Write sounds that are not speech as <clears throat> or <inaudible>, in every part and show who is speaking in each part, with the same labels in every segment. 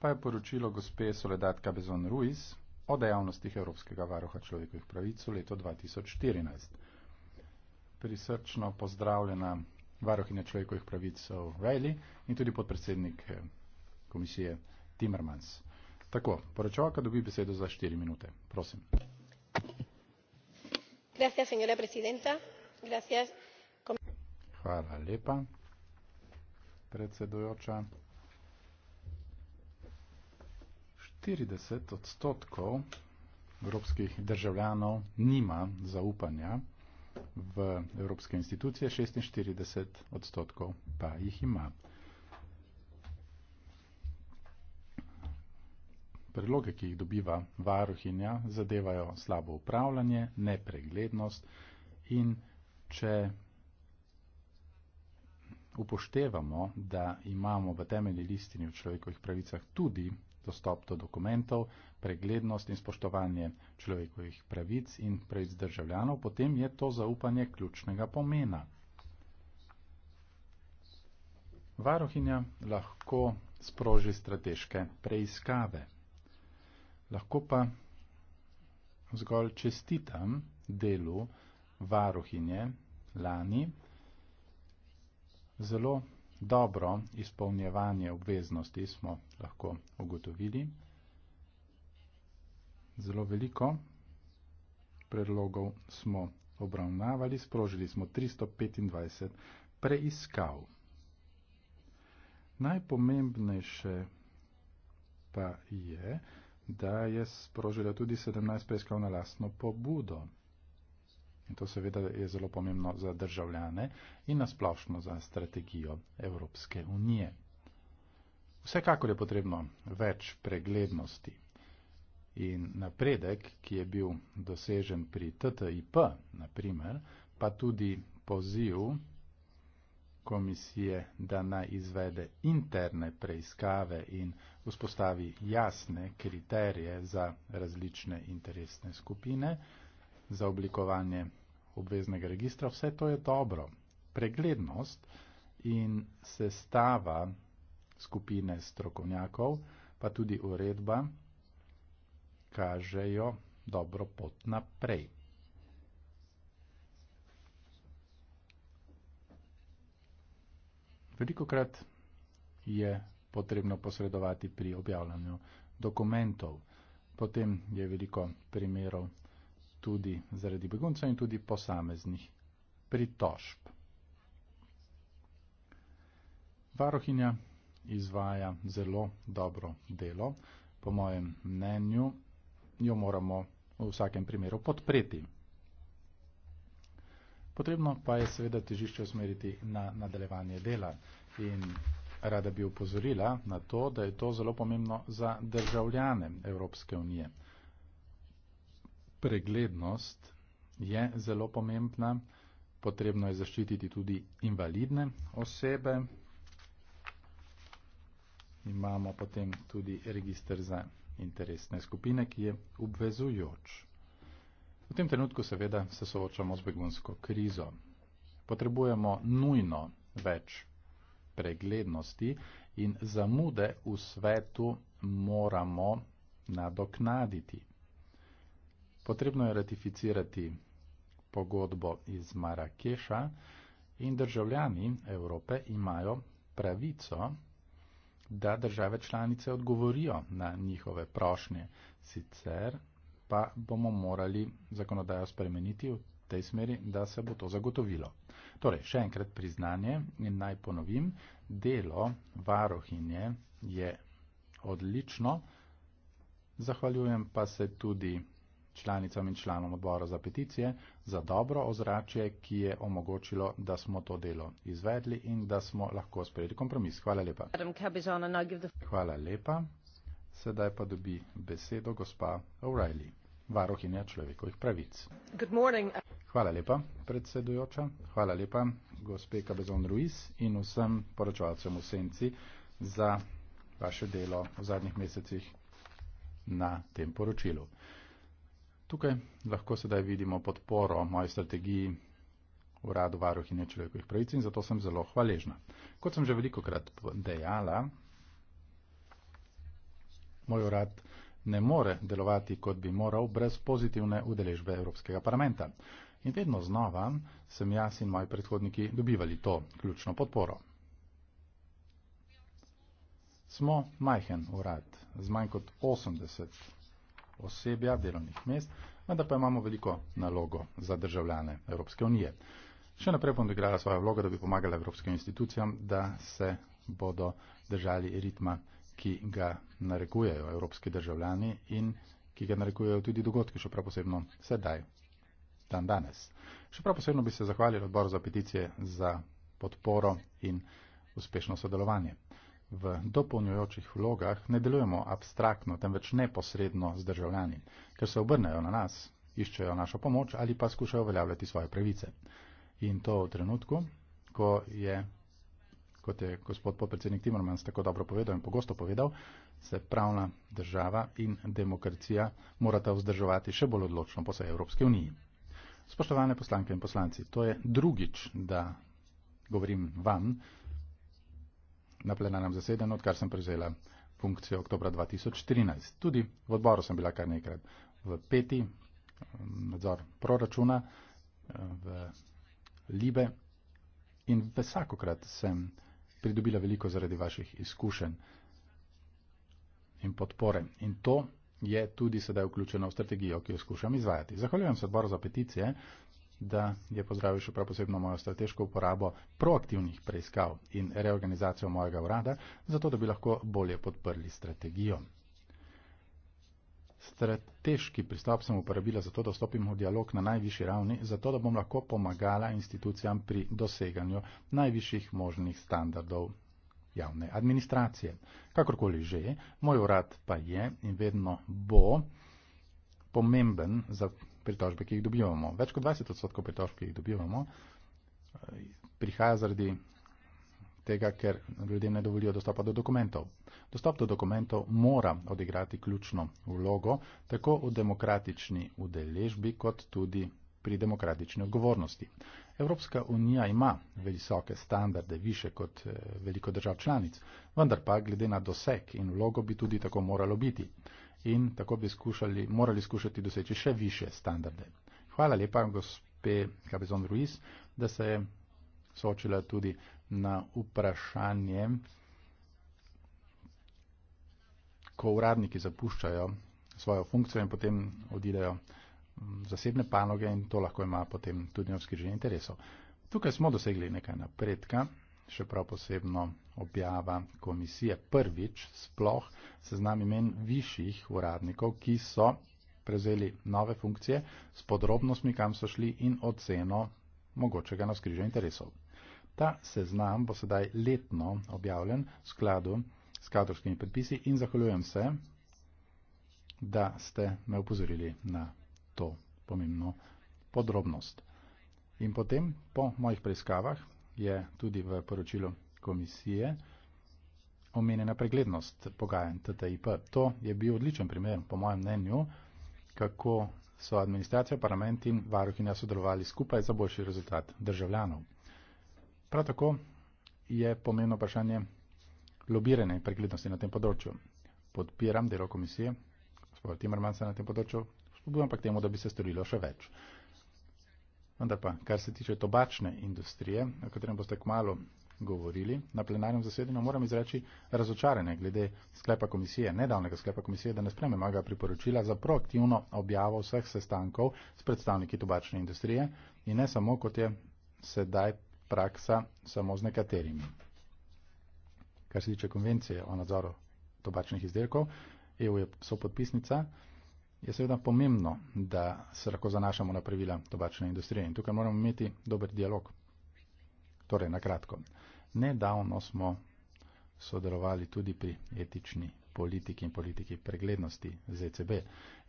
Speaker 1: pa je poročilo gospe Soledatka Bezon Ruiz o dejavnostih Evropskega varuha človekovih pravic v letu 2014. Prisrčno pozdravljena varuhinja človekovih pravic v Veli in tudi podpredsednik eh, komisije Timmermans. Tako, poročevalka dobi besedo za štiri minute. Prosim. Hvala lepa, predsedujoča. 40 odstotkov evropskih državljanov nima zaupanja v evropske institucije, 46 odstotkov pa jih ima. Predloge, ki jih dobiva varuhinja, zadevajo slabo upravljanje, nepreglednost in če upoštevamo, da imamo v temeljni listini v človekovih pravicah tudi dostop do dokumentov, preglednost in spoštovanje človekovih pravic in pravic državljanov, potem je to zaupanje ključnega pomena. Varohinja lahko sproži strateške preiskave, lahko pa zgolj čestitam delu varohinje lani, zelo dobro izpolnjevanje obveznosti smo lahko ugotovili. Zelo veliko predlogov smo obravnavali, sprožili smo 325 preiskav. Najpomembnejše pa je, da je sprožila tudi 17 preiskav na lastno pobudo. In to seveda je zelo pomembno za državljane in nasplošno za strategijo Evropske unije. Vsekakor je potrebno več preglednosti in napredek, ki je bil dosežen pri TTIP, naprimer, pa tudi poziv komisije, da naj izvede interne preiskave in vzpostavi jasne kriterije za različne interesne skupine, za oblikovanje obveznega registra, vse to je dobro. Preglednost in sestava skupine strokovnjakov, pa tudi uredba, kažejo dobro pot naprej. Veliko krat je potrebno posredovati pri objavljanju dokumentov. Potem je veliko primerov tudi zaradi beguncev in tudi posameznih pritožb. Varohinja izvaja zelo dobro delo. Po mojem mnenju jo moramo v vsakem primeru podpreti. Potrebno pa je seveda težišče usmeriti na nadaljevanje dela in rada bi upozorila na to, da je to zelo pomembno za državljane Evropske unije. Preglednost je zelo pomembna. Potrebno je zaščititi tudi invalidne osebe. Imamo potem tudi registr za interesne skupine, ki je obvezujoč. V tem trenutku seveda se soočamo z begunsko krizo. Potrebujemo nujno več preglednosti in zamude v svetu moramo nadoknaditi. Potrebno je ratificirati pogodbo iz Marakeša in državljani Evrope imajo pravico, da države članice odgovorijo na njihove prošnje. Sicer pa bomo morali zakonodajo spremeniti v tej smeri, da se bo to zagotovilo. Torej, še enkrat priznanje in naj ponovim, delo varohinje je odlično, zahvaljujem pa se tudi članicam in članom odbora za peticije za dobro ozračje, ki je omogočilo, da smo to delo izvedli in da smo lahko sprejeli kompromis. Hvala lepa. Hvala lepa. Sedaj pa dobi besedo gospa O'Reilly, varohinja človekovih pravic. Hvala lepa, predsedujoča. Hvala lepa, gospe Cabezon Ruiz in vsem poročevalcem v Senci za vaše delo v zadnjih mesecih na tem poročilu. Tukaj lahko sedaj vidimo podporo moji strategiji v radu varuhinje človekovih pravic in zato sem zelo hvaležna. Kot sem že veliko krat dejala, moj urad ne more delovati, kot bi moral, brez pozitivne udeležbe Evropskega parlamenta. In vedno znova sem jaz in moji predhodniki dobivali to ključno podporo. Smo majhen urad z manj kot 80 osebja, delovnih mest, vendar pa imamo veliko nalogo za državljane Evropske unije. Še naprej bom odigrala svojo vlogo, da bi pomagala evropskim institucijam, da se bodo držali ritma, ki ga narekujejo evropski državljani in ki ga narekujejo tudi dogodki, še prav posebno sedaj, dan danes. Še prav posebno bi se zahvalil odboru za peticije za podporo in uspešno sodelovanje v dopolnjujočih vlogah ne delujemo abstraktno, temveč neposredno z državljani, ker se obrnejo na nas, iščejo našo pomoč ali pa skušajo uveljavljati svoje pravice. In to v trenutku, ko je, kot je gospod podpredsednik Timmermans tako dobro povedal in pogosto povedal, se pravna država in demokracija morata vzdrževati še bolj odločno po vsej Evropski uniji. Spoštovane poslanke in poslanci, to je drugič, da govorim vam, na plenarnem zasedanju, odkar sem prevzela funkcijo oktober 2013. Tudi v odboru sem bila kar nekrat v peti nadzor proračuna, v Libe in vsakokrat sem pridobila veliko zaradi vaših izkušenj in podpore. In to je tudi sedaj vključeno v strategijo, ki jo skušam izvajati. Zahvaljujem se odboru za peticije, da je pozdravil še prav posebno mojo strateško uporabo proaktivnih preiskav in reorganizacijo mojega urada, zato da bi lahko bolje podprli strategijo. Strateški pristop sem uporabila zato, da stopim v dialog na najvišji ravni, zato da bom lahko pomagala institucijam pri doseganju najvišjih možnih standardov javne administracije. Kakorkoli že, moj urad pa je in vedno bo pomemben za pritožbe, ki jih dobivamo. Več kot 20 odstotkov pritožb, ki jih dobivamo, prihaja zaradi tega, ker ljudem ne dovolijo dostopa do dokumentov. Dostop do dokumentov mora odigrati ključno vlogo tako v demokratični udeležbi, kot tudi pri demokratični odgovornosti. Evropska unija ima visoke standarde, više kot eh, veliko držav članic, vendar pa glede na doseg in vlogo bi tudi tako moralo biti in tako bi skušali, morali skušati doseči še više standarde. Hvala lepa, gospe Cabezon Ruiz, da se je soočila tudi na vprašanje, ko uradniki zapuščajo svojo funkcijo in potem odidejo zasebne panoge in to lahko ima potem tudi nevskrženje interesov. Tukaj smo dosegli nekaj napredka še prav posebno objava komisije, prvič sploh seznam imen višjih uradnikov, ki so prevzeli nove funkcije s podrobnostmi, kam so šli in oceno mogočega naskriža interesov. Ta seznam bo sedaj letno objavljen v skladu s kadrovskimi predpisi in zahvaljujem se, da ste me upozorili na to pomembno podrobnost. In potem, po mojih preiskavah, je tudi v poročilu komisije omenjena preglednost pogajanj TTIP. To je bil odličen primer, po mojem mnenju, kako so administracija, parlament in varuhinja sodelovali skupaj za boljši rezultat državljanov. Prav tako je pomembno vprašanje lobiranja in preglednosti na tem področju. Podpiram delo komisije, gospod Timmermans na tem področju, spodbujam pa k temu, da bi se storilo še več. Vendar pa, kar se tiče tobačne industrije, o katerem boste kmalo govorili na plenarnem zasedanju, moram izreči razočarene glede sklepa komisije, nedavnega sklepa komisije, da ne spreme mojega priporočila za proaktivno objavo vseh sestankov s predstavniki tobačne industrije in ne samo, kot je sedaj praksa, samo z nekaterimi. Kar se tiče konvencije o nadzoru tobačnih izdelkov, EU je sopodpisnica je seveda pomembno, da se lahko zanašamo na pravila tobačne industrije in tukaj moramo imeti dober dialog. Torej, na kratko. Nedavno smo sodelovali tudi pri etični politiki in politiki preglednosti z ECB.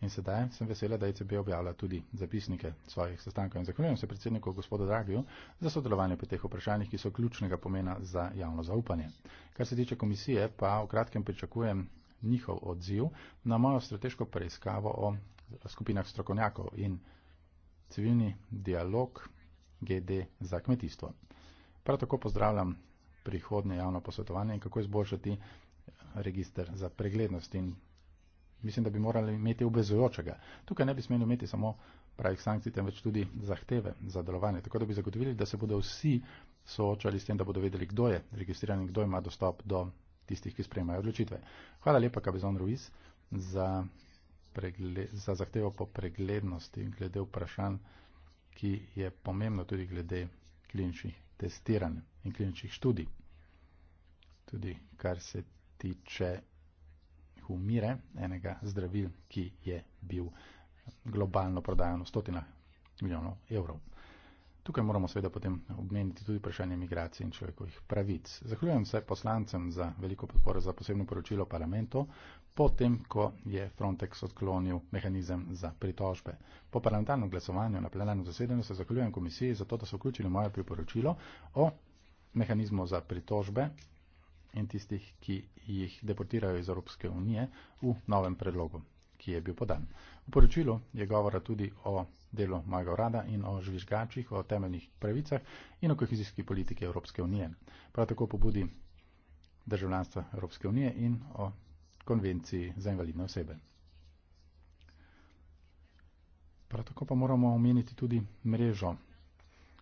Speaker 1: In sedaj sem vesela, da ECB objavlja tudi zapisnike svojih sestankov in zahvaljujem se predsedniku gospodu Dragiju za sodelovanje pri teh vprašanjih, ki so ključnega pomena za javno zaupanje. Kar se tiče komisije, pa v kratkem pričakujem njihov odziv na mojo strateško preiskavo o skupinah strokovnjakov in civilni dialog GD za kmetijstvo. Prav tako pozdravljam prihodnje javno posvetovanje in kako izboljšati register za preglednost in mislim, da bi morali imeti obvezujočega. Tukaj ne bi smeli imeti samo pravih sankcij, temveč tudi zahteve za delovanje, tako da bi zagotovili, da se bodo vsi soočali s tem, da bodo vedeli, kdo je registriran in kdo ima dostop do tistih, ki sprejemajo odločitve. Hvala lepa, Kabezon Ruiz, za, za zahtevo po preglednosti glede vprašanj, ki je pomembno tudi glede kliničnih testiranj in kliničnih študij. Tudi kar se tiče humire, enega zdravil, ki je bil globalno prodajan v stotinah milijonov evrov. Tukaj moramo seveda potem obmeniti tudi vprašanje migracije in človekovih pravic. Zahvaljujem se poslancem za veliko podporo za posebno poročilo parlamentu, potem, ko je Frontex odklonil mehanizem za pritožbe. Po parlamentarnem glasovanju na plenarnem zasedanju se zahvaljujem komisiji za to, da so vključili moje priporočilo o mehanizmu za pritožbe in tistih, ki jih deportirajo iz Evropske unije v novem predlogu, ki je bil podan poročilu je govora tudi o delu mojega urada in o žvižgačih, o temeljnih pravicah in o kohezijski politiki Evropske unije. Prav tako pobudi državljanstva Evropske unije in o konvenciji za invalidne osebe. Prav tako pa moramo omeniti tudi mrežo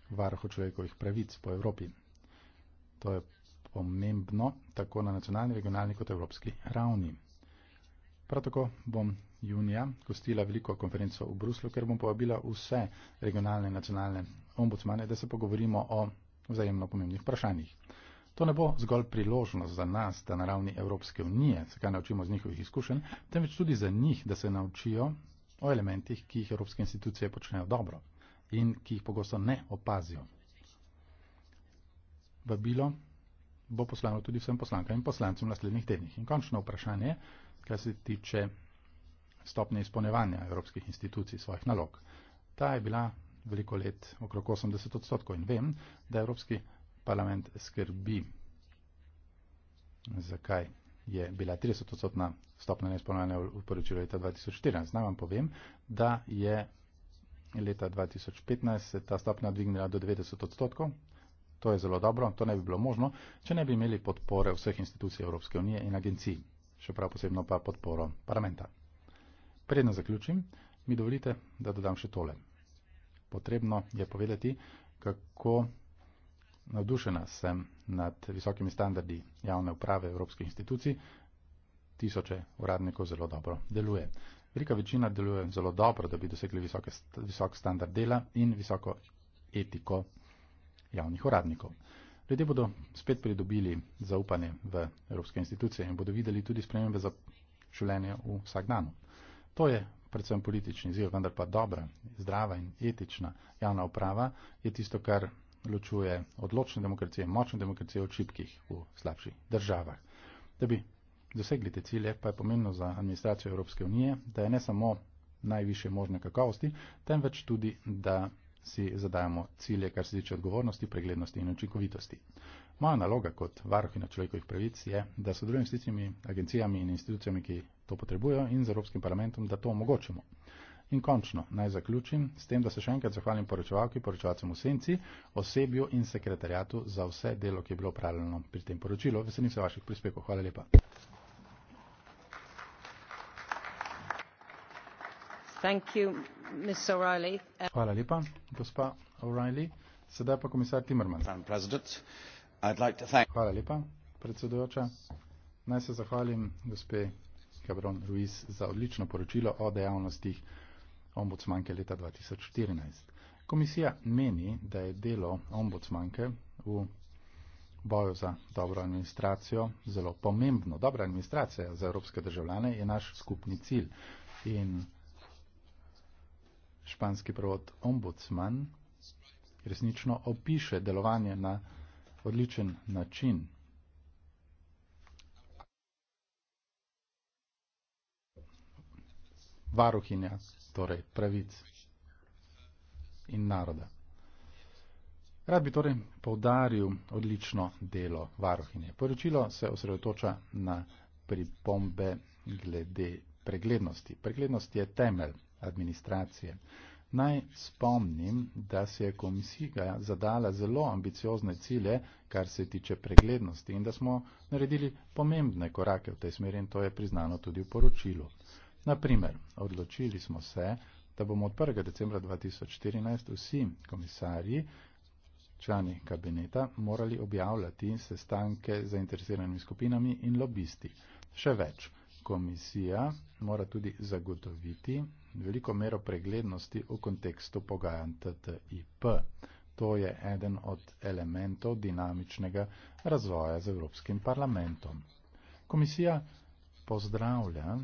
Speaker 1: varho človekovih pravic po Evropi. To je pomembno tako na nacionalni, regionalni kot evropski ravni. Prav tako bom junija gostila veliko konferenco v Bruslu, ker bom povabila vse regionalne in nacionalne ombudsmane, da se pogovorimo o vzajemno pomembnih vprašanjih. To ne bo zgolj priložnost za nas, da na ravni Evropske unije se kaj naučimo z njihovih izkušenj, temveč tudi za njih, da se naučijo o elementih, ki jih evropske institucije počnejo dobro in ki jih pogosto ne opazijo. Vabilo bo poslano tudi vsem poslankam in poslancem v naslednjih tednih. In končno vprašanje, kar se tiče stopnje izpolnevanja evropskih institucij svojih nalog. Ta je bila veliko let okrog 80 odstotkov in vem, da Evropski parlament skrbi, zakaj je bila 30 odstotna stopnja neizpolnjevanja v poročilu leta 2014. Znam vam povem, da je leta 2015 se ta stopnja dvignila do 90 odstotkov. To je zelo dobro, to ne bi bilo možno, če ne bi imeli podpore vseh institucij Evropske unije in agencij, še prav posebno pa podporo parlamenta. Predno zaključim, mi dovolite, da dodam še tole. Potrebno je povedati, kako navdušena sem nad visokimi standardi javne uprave evropskih institucij. Tisoče uradnikov zelo dobro deluje. Velika večina deluje zelo dobro, da bi dosegli visoke, visok standard dela in visoko etiko javnih uradnikov. Ljudje bodo spet pridobili zaupanje v evropske institucije in bodo videli tudi spremembe za življenje v vsak dan. To je predvsem politični izziv, vendar pa dobra, zdrava in etična javna uprava je tisto, kar ločuje odločne demokracije, močne demokracije od šipkih v slabših državah. Da bi dosegli te cilje, pa je pomembno za administracijo Evropske unije, da je ne samo najviše možne kakovosti, temveč tudi, da si zadajamo cilje, kar se tiče odgovornosti, preglednosti in učinkovitosti. Moja naloga kot varuhina človekovih pravic je, da sodelujem s tistimi agencijami in institucijami, ki to potrebujo in z Evropskim parlamentom, da to omogočimo. In končno, naj zaključim s tem, da se še enkrat zahvalim poročevalki, poročevalcem v senci, osebju in sekretarjatu za vse delo, ki je bilo upravljeno pri tem poročilu. Veselim se vaših prispevkov. Hvala lepa.
Speaker 2: You, Hvala
Speaker 1: lepa, gospa O'Reilly. Sedaj pa komisar Timmermans. Hvala lepa, predsedujoča. Naj se zahvalim gospe Cabron Ruiz za odlično poročilo o dejavnostih ombudsmanke leta 2014. Komisija meni, da je delo ombudsmanke v boju za dobro administracijo zelo pomembno. Dobra administracija za evropske državljane je naš skupni cilj. In španski prvot ombudsman resnično opiše delovanje na odličen način. Varuhinja, torej pravic in naroda. Rad bi torej povdaril odlično delo varuhinje. Poročilo se osredotoča na pripombe glede preglednosti. Preglednost je temelj administracije. Naj spomnim, da se je komisija zadala zelo ambiciozne cilje, kar se tiče preglednosti in da smo naredili pomembne korake v tej smeri in to je priznano tudi v poročilu. Naprimer, odločili smo se, da bomo od 1. decembra 2014 vsi komisarji, člani kabineta, morali objavljati sestanke z zainteresiranimi skupinami in lobisti. Še več komisija mora tudi zagotoviti veliko mero preglednosti v kontekstu pogajanj TTIP. To je eden od elementov dinamičnega razvoja z Evropskim parlamentom. Komisija pozdravlja,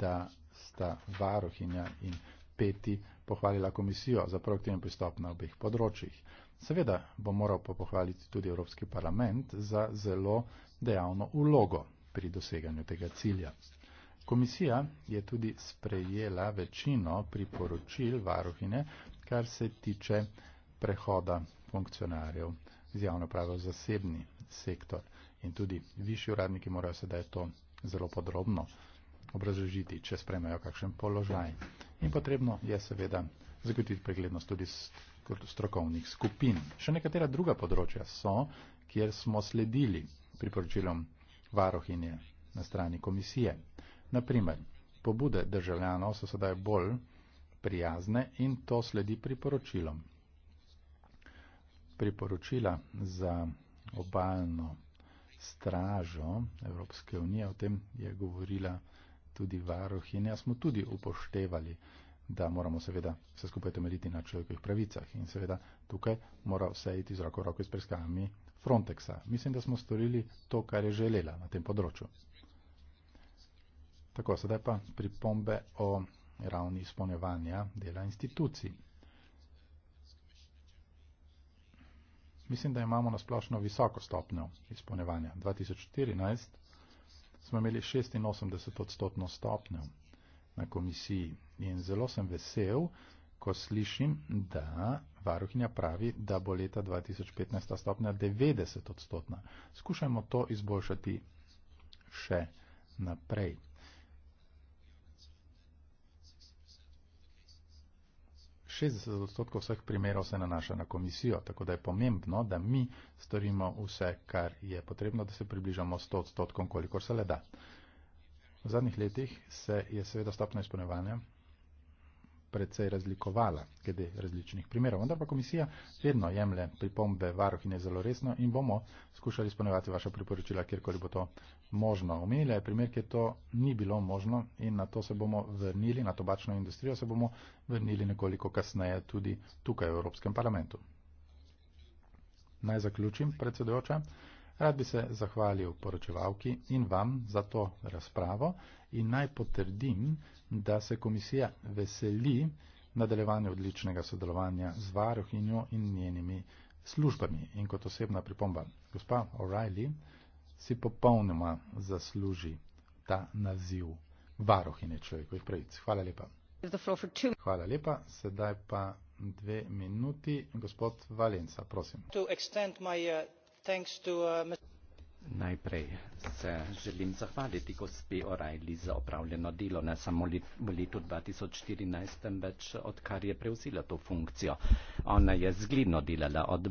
Speaker 1: da sta varohinja in peti pohvalila komisijo za proaktiven pristop na obeh področjih. Seveda bo moral pa pohvaliti tudi Evropski parlament za zelo dejavno ulogo pri doseganju tega cilja. Komisija je tudi sprejela večino priporočil varuhine, kar se tiče prehoda funkcionarjev z javno pravo zasebni sektor. In tudi višji uradniki morajo sedaj to zelo podrobno obrazložiti, če spremajo kakšen položaj. In potrebno je seveda zagotoviti preglednost tudi strokovnih skupin. Še nekatera druga področja so, kjer smo sledili priporočilom varohinje na strani komisije. Naprimer, pobude državljanov so sedaj bolj prijazne in to sledi priporočilom. Priporočila za obaljno stražo Evropske unije, o tem je govorila tudi varohinja, smo tudi upoštevali, da moramo seveda se skupaj temeljiti na človekovih pravicah in seveda tukaj mora vse iti z roko roko s preskavami Frontexa. Mislim, da smo storili to, kar je želela na tem področju. Tako, sedaj pa pripombe o ravni izpolnevanja dela institucij. Mislim, da imamo na splošno visoko stopnjo izpolnevanja. 2014 smo imeli 86 odstotno stopnjo na komisiji in zelo sem vesel, ko slišim, da Varuhinja pravi, da bo leta 2015 ta stopnja 90 odstotna. Skušajmo to izboljšati še naprej. Šestdeset odstotkov vseh primerov se nanaša na komisijo, tako da je pomembno, da mi storimo vse, kar je potrebno, da se približamo sto odstotkom, kolikor se le da. V zadnjih letih se je seveda stopna izpolnevanja precej razlikovala glede različnih primerov. Vendar pa komisija vedno jemlje pripombe varuhine zelo resno in bomo skušali izpolnjevati vaša priporočila, kjerkoli bo to možno. Omenila je primer, kjer to ni bilo možno in na to se bomo vrnili, na tobačno industrijo se bomo vrnili nekoliko kasneje tudi tukaj v Evropskem parlamentu. Naj zaključim, predsedujoča. Rad bi se zahvalil poročevalki in vam za to razpravo in naj potrdim, da se komisija veseli nadaljevanja odličnega sodelovanja z varuhinjo in njenimi službami. In kot osebna pripomba, gospa O'Reilly si popolnoma zasluži ta naziv varuhine človekovih pravic. Hvala lepa. Hvala lepa, sedaj pa dve minuti. Gospod Valenca, prosim.
Speaker 3: To extend my, uh, thanks to, uh,
Speaker 1: Najprej se želim zahvaliti gospe Orajli
Speaker 3: za opravljeno delo ne samo v letu 2014, temveč odkar je prevzela to funkcijo. Ona je zgledno delala od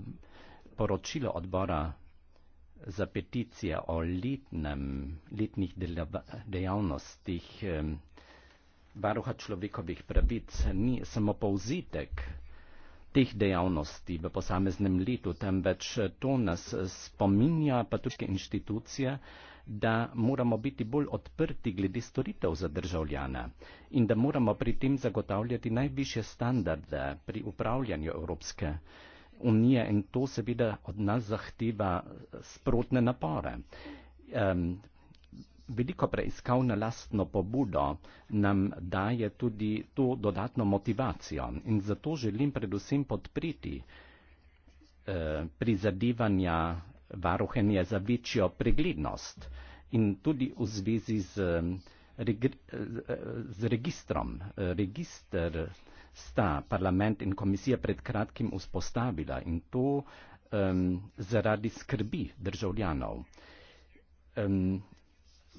Speaker 3: poročilo odbora za peticije o letnem, letnih dejavnostih eh, varuha človekovih pravic ni samo povzitek teh dejavnosti v posameznem letu, temveč eh, to nas eh, spominja pa tudi inštitucije, da moramo biti bolj odprti glede storitev za državljana in da moramo pri tem zagotavljati najviše standarde pri upravljanju Evropske unije in to seveda od nas zahteva eh, sprotne napore veliko preiskav na lastno pobudo nam daje tudi to dodatno motivacijo in zato želim predvsem podpriti eh, prizadevanja varuhenje za večjo preglednost in tudi v zvezi eh, z, z registrom. Register sta parlament in komisija pred kratkim vzpostavila in to um, zaradi skrbi državljanov. Um,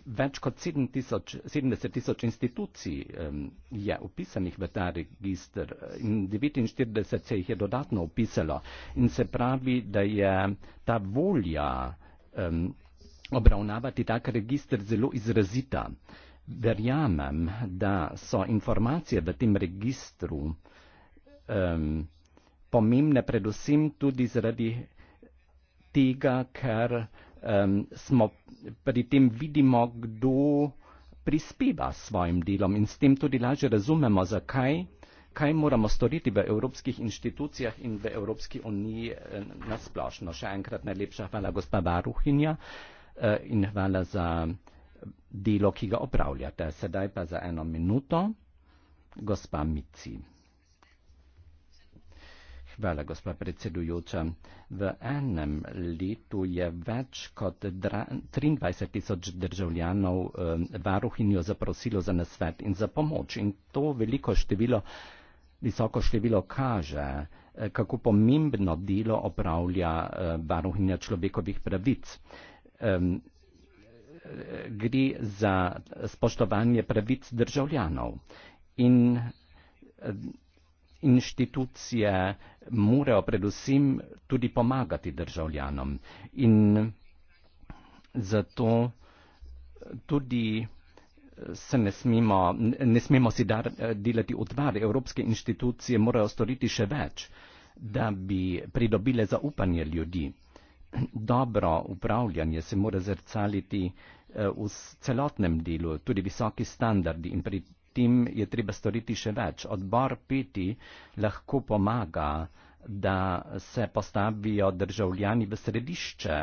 Speaker 3: več kot 7000, 70 tisoč institucij um, je upisanih v ta registr in 49 se jih je dodatno upisalo in se pravi, da je ta volja um, obravnavati tak registr zelo izrazita. Verjamem, da so informacije v tem registru um, pomembne predvsem tudi zaradi tega, ker um, smo pri tem vidimo, kdo prispeva s svojim delom in s tem tudi lažje razumemo, zakaj, kaj moramo storiti v evropskih inštitucijah in v Evropski uniji eh, nasplošno. Še enkrat najlepša hvala gospa Varuhinja eh, in hvala za delo, ki ga opravljate. Sedaj pa za eno minuto gospa Mici. Hvala, gospa predsedujoča. V enem letu je več kot 23 tisoč državljanov eh, varuhinjo zaprosilo za nasvet in za pomoč. In to veliko število, visoko število kaže, eh, kako pomembno delo opravlja eh, varuhinja človekovih pravic. Gre za spoštovanje pravic državljanov. In inštitucije morajo predvsem tudi pomagati državljanom. In zato tudi se ne smemo, ne smemo si dar, delati odvar. Evropske inštitucije morajo storiti še več, da bi pridobile zaupanje ljudi. Dobro upravljanje se mora zrcaliti eh, v celotnem delu, tudi visoki standardi in pri tem je treba storiti še več. Odbor peti lahko pomaga, da se postavijo državljani v središče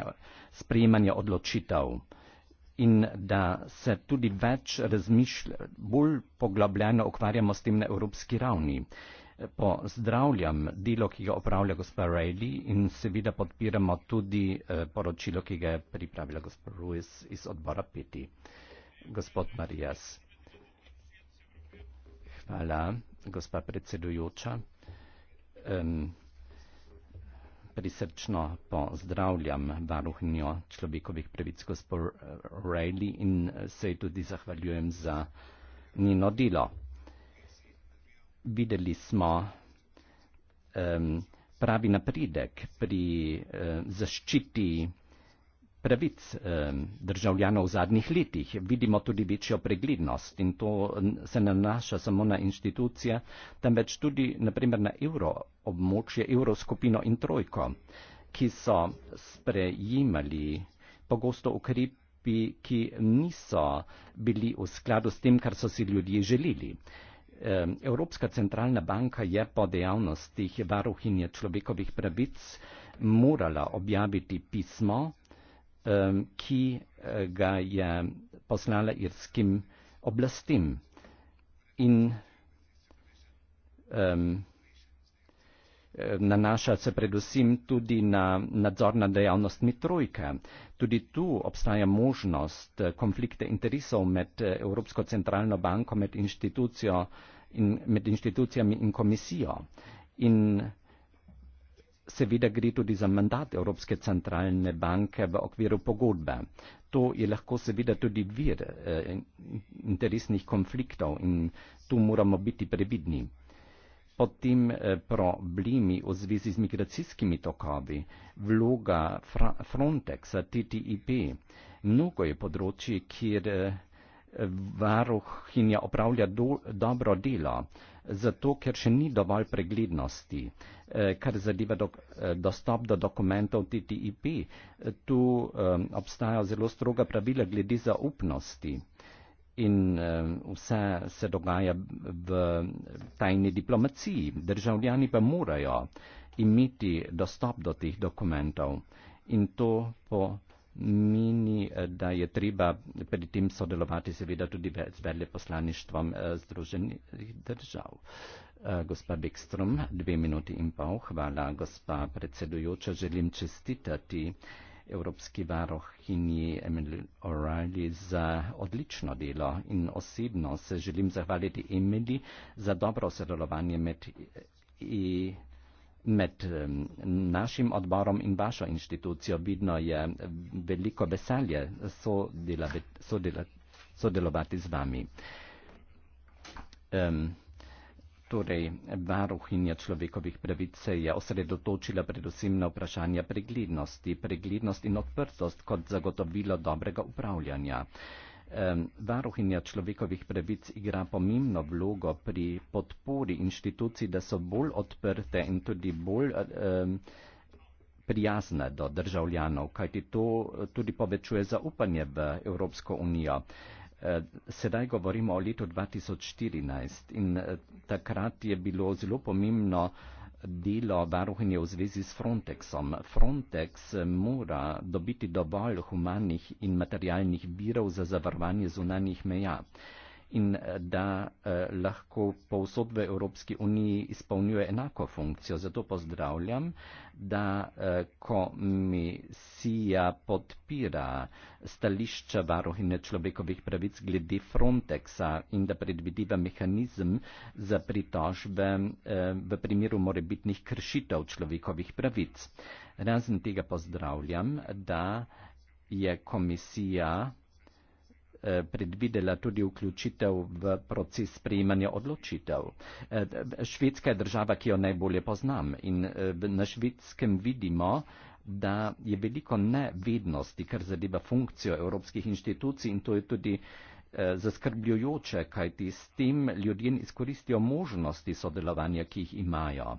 Speaker 3: sprejemanja odločitev in da se tudi več razmišlja, bolj poglobljeno ukvarjamo s tem na evropski ravni. Pozdravljam delo, ki ga opravlja gospa Reilly in seveda podpiramo tudi eh, poročilo, ki ga je pripravila gospod Ruiz iz odbora peti. Gospod Marijas. Hvala, gospa predsedujoča. Um, prisrčno pozdravljam varuhnjo človekovih pravic gospo Reilly in se ji tudi zahvaljujem za njeno delo. Videli smo um, pravi napredek pri um, zaščiti pravic državljanov v zadnjih letih. Vidimo tudi večjo preglednost in to se nanaša samo na institucije, temveč tudi naprimer na evro območje, evroskupino in trojko, ki so sprejemali pogosto ukrep ki niso bili v skladu s tem, kar so si ljudje želeli. Evropska centralna banka je po dejavnostih varuhinje človekovih pravic morala objaviti pismo, Um, ki eh, ga je poslala irskim oblastim. In um, nanaša se predvsem tudi na nadzor nad dejavnostmi trojke. Tudi tu obstaja možnost eh, konflikte interesov med eh, Evropsko centralno banko, med, in, med inštitucijami in komisijo. In seveda gre tudi za mandat Evropske centralne banke v okviru pogodbe. To je lahko seveda tudi vir eh, interesnih konfliktov in tu moramo biti previdni. Potem eh, problemi v zvezi z migracijskimi tokovi, vloga Fra Frontexa, TTIP, mnogo je področji, kjer eh, varuhinja opravlja do dobro delo. Eh, zato ker še ni dovolj preglednosti, eh, kar zadeva dok, eh, dostop do dokumentov TTIP. Eh, tu um, obstajajo zelo stroga pravila glede zaupnosti in um, vse se dogaja v tajni diplomaciji. Državljani pa morajo imeti dostop do teh dokumentov in to po Mini, eh, da je treba pri tem sodelovati seveda tudi z veljeposlaništvom eh, Združenih držav. Eh, gospa Bekstrom, dve minuti in pol. Hvala, gospa predsedujoča. Želim čestitati Evropski varohinji Emily O'Reilly za odlično delo in osebno se želim zahvaliti Emily za dobro sodelovanje med. I, Med našim odborom in vašo inštitucijo vidno je veliko veselje sodelovati z vami. Um, torej, varuhinja človekovih pravic je osredotočila predvsem na vprašanje preglednosti, preglednost in odprtost kot zagotovilo dobrega upravljanja. Uh, Varuhinja človekovih pravic igra pomembno vlogo pri podpori inštitucij, da so bolj odprte in tudi bolj prijazne do državljanov, kajti to tudi povečuje zaupanje v Evropsko unijo. E, sedaj govorimo o letu 2014 in e, takrat je bilo zelo pomembno, delo varuhinje v zvezi s Frontexom. Frontex eh, mora dobiti dovolj humanih in materialnih virov za zavarovanje zunanjih meja in eh, da eh, lahko povsod v Evropski uniji izpolnjuje enako funkcijo. Zato pozdravljam, da eh, komisija podpira stališča varohine človekovih pravic glede Frontexa in da predvidiva mehanizem za pritožbe eh, v primeru morebitnih kršitev človekovih pravic. Razen tega pozdravljam, da je komisija Eh, predvidela tudi vključitev v proces sprejemanja odločitev. Eh, Švedska je država, ki jo najbolje poznam in eh, na švedskem vidimo, da je veliko nevednosti, kar zadeva funkcijo evropskih inštitucij in to je tudi zaskrbljujoče, kajti s tem ljudje izkoristijo možnosti sodelovanja, ki jih imajo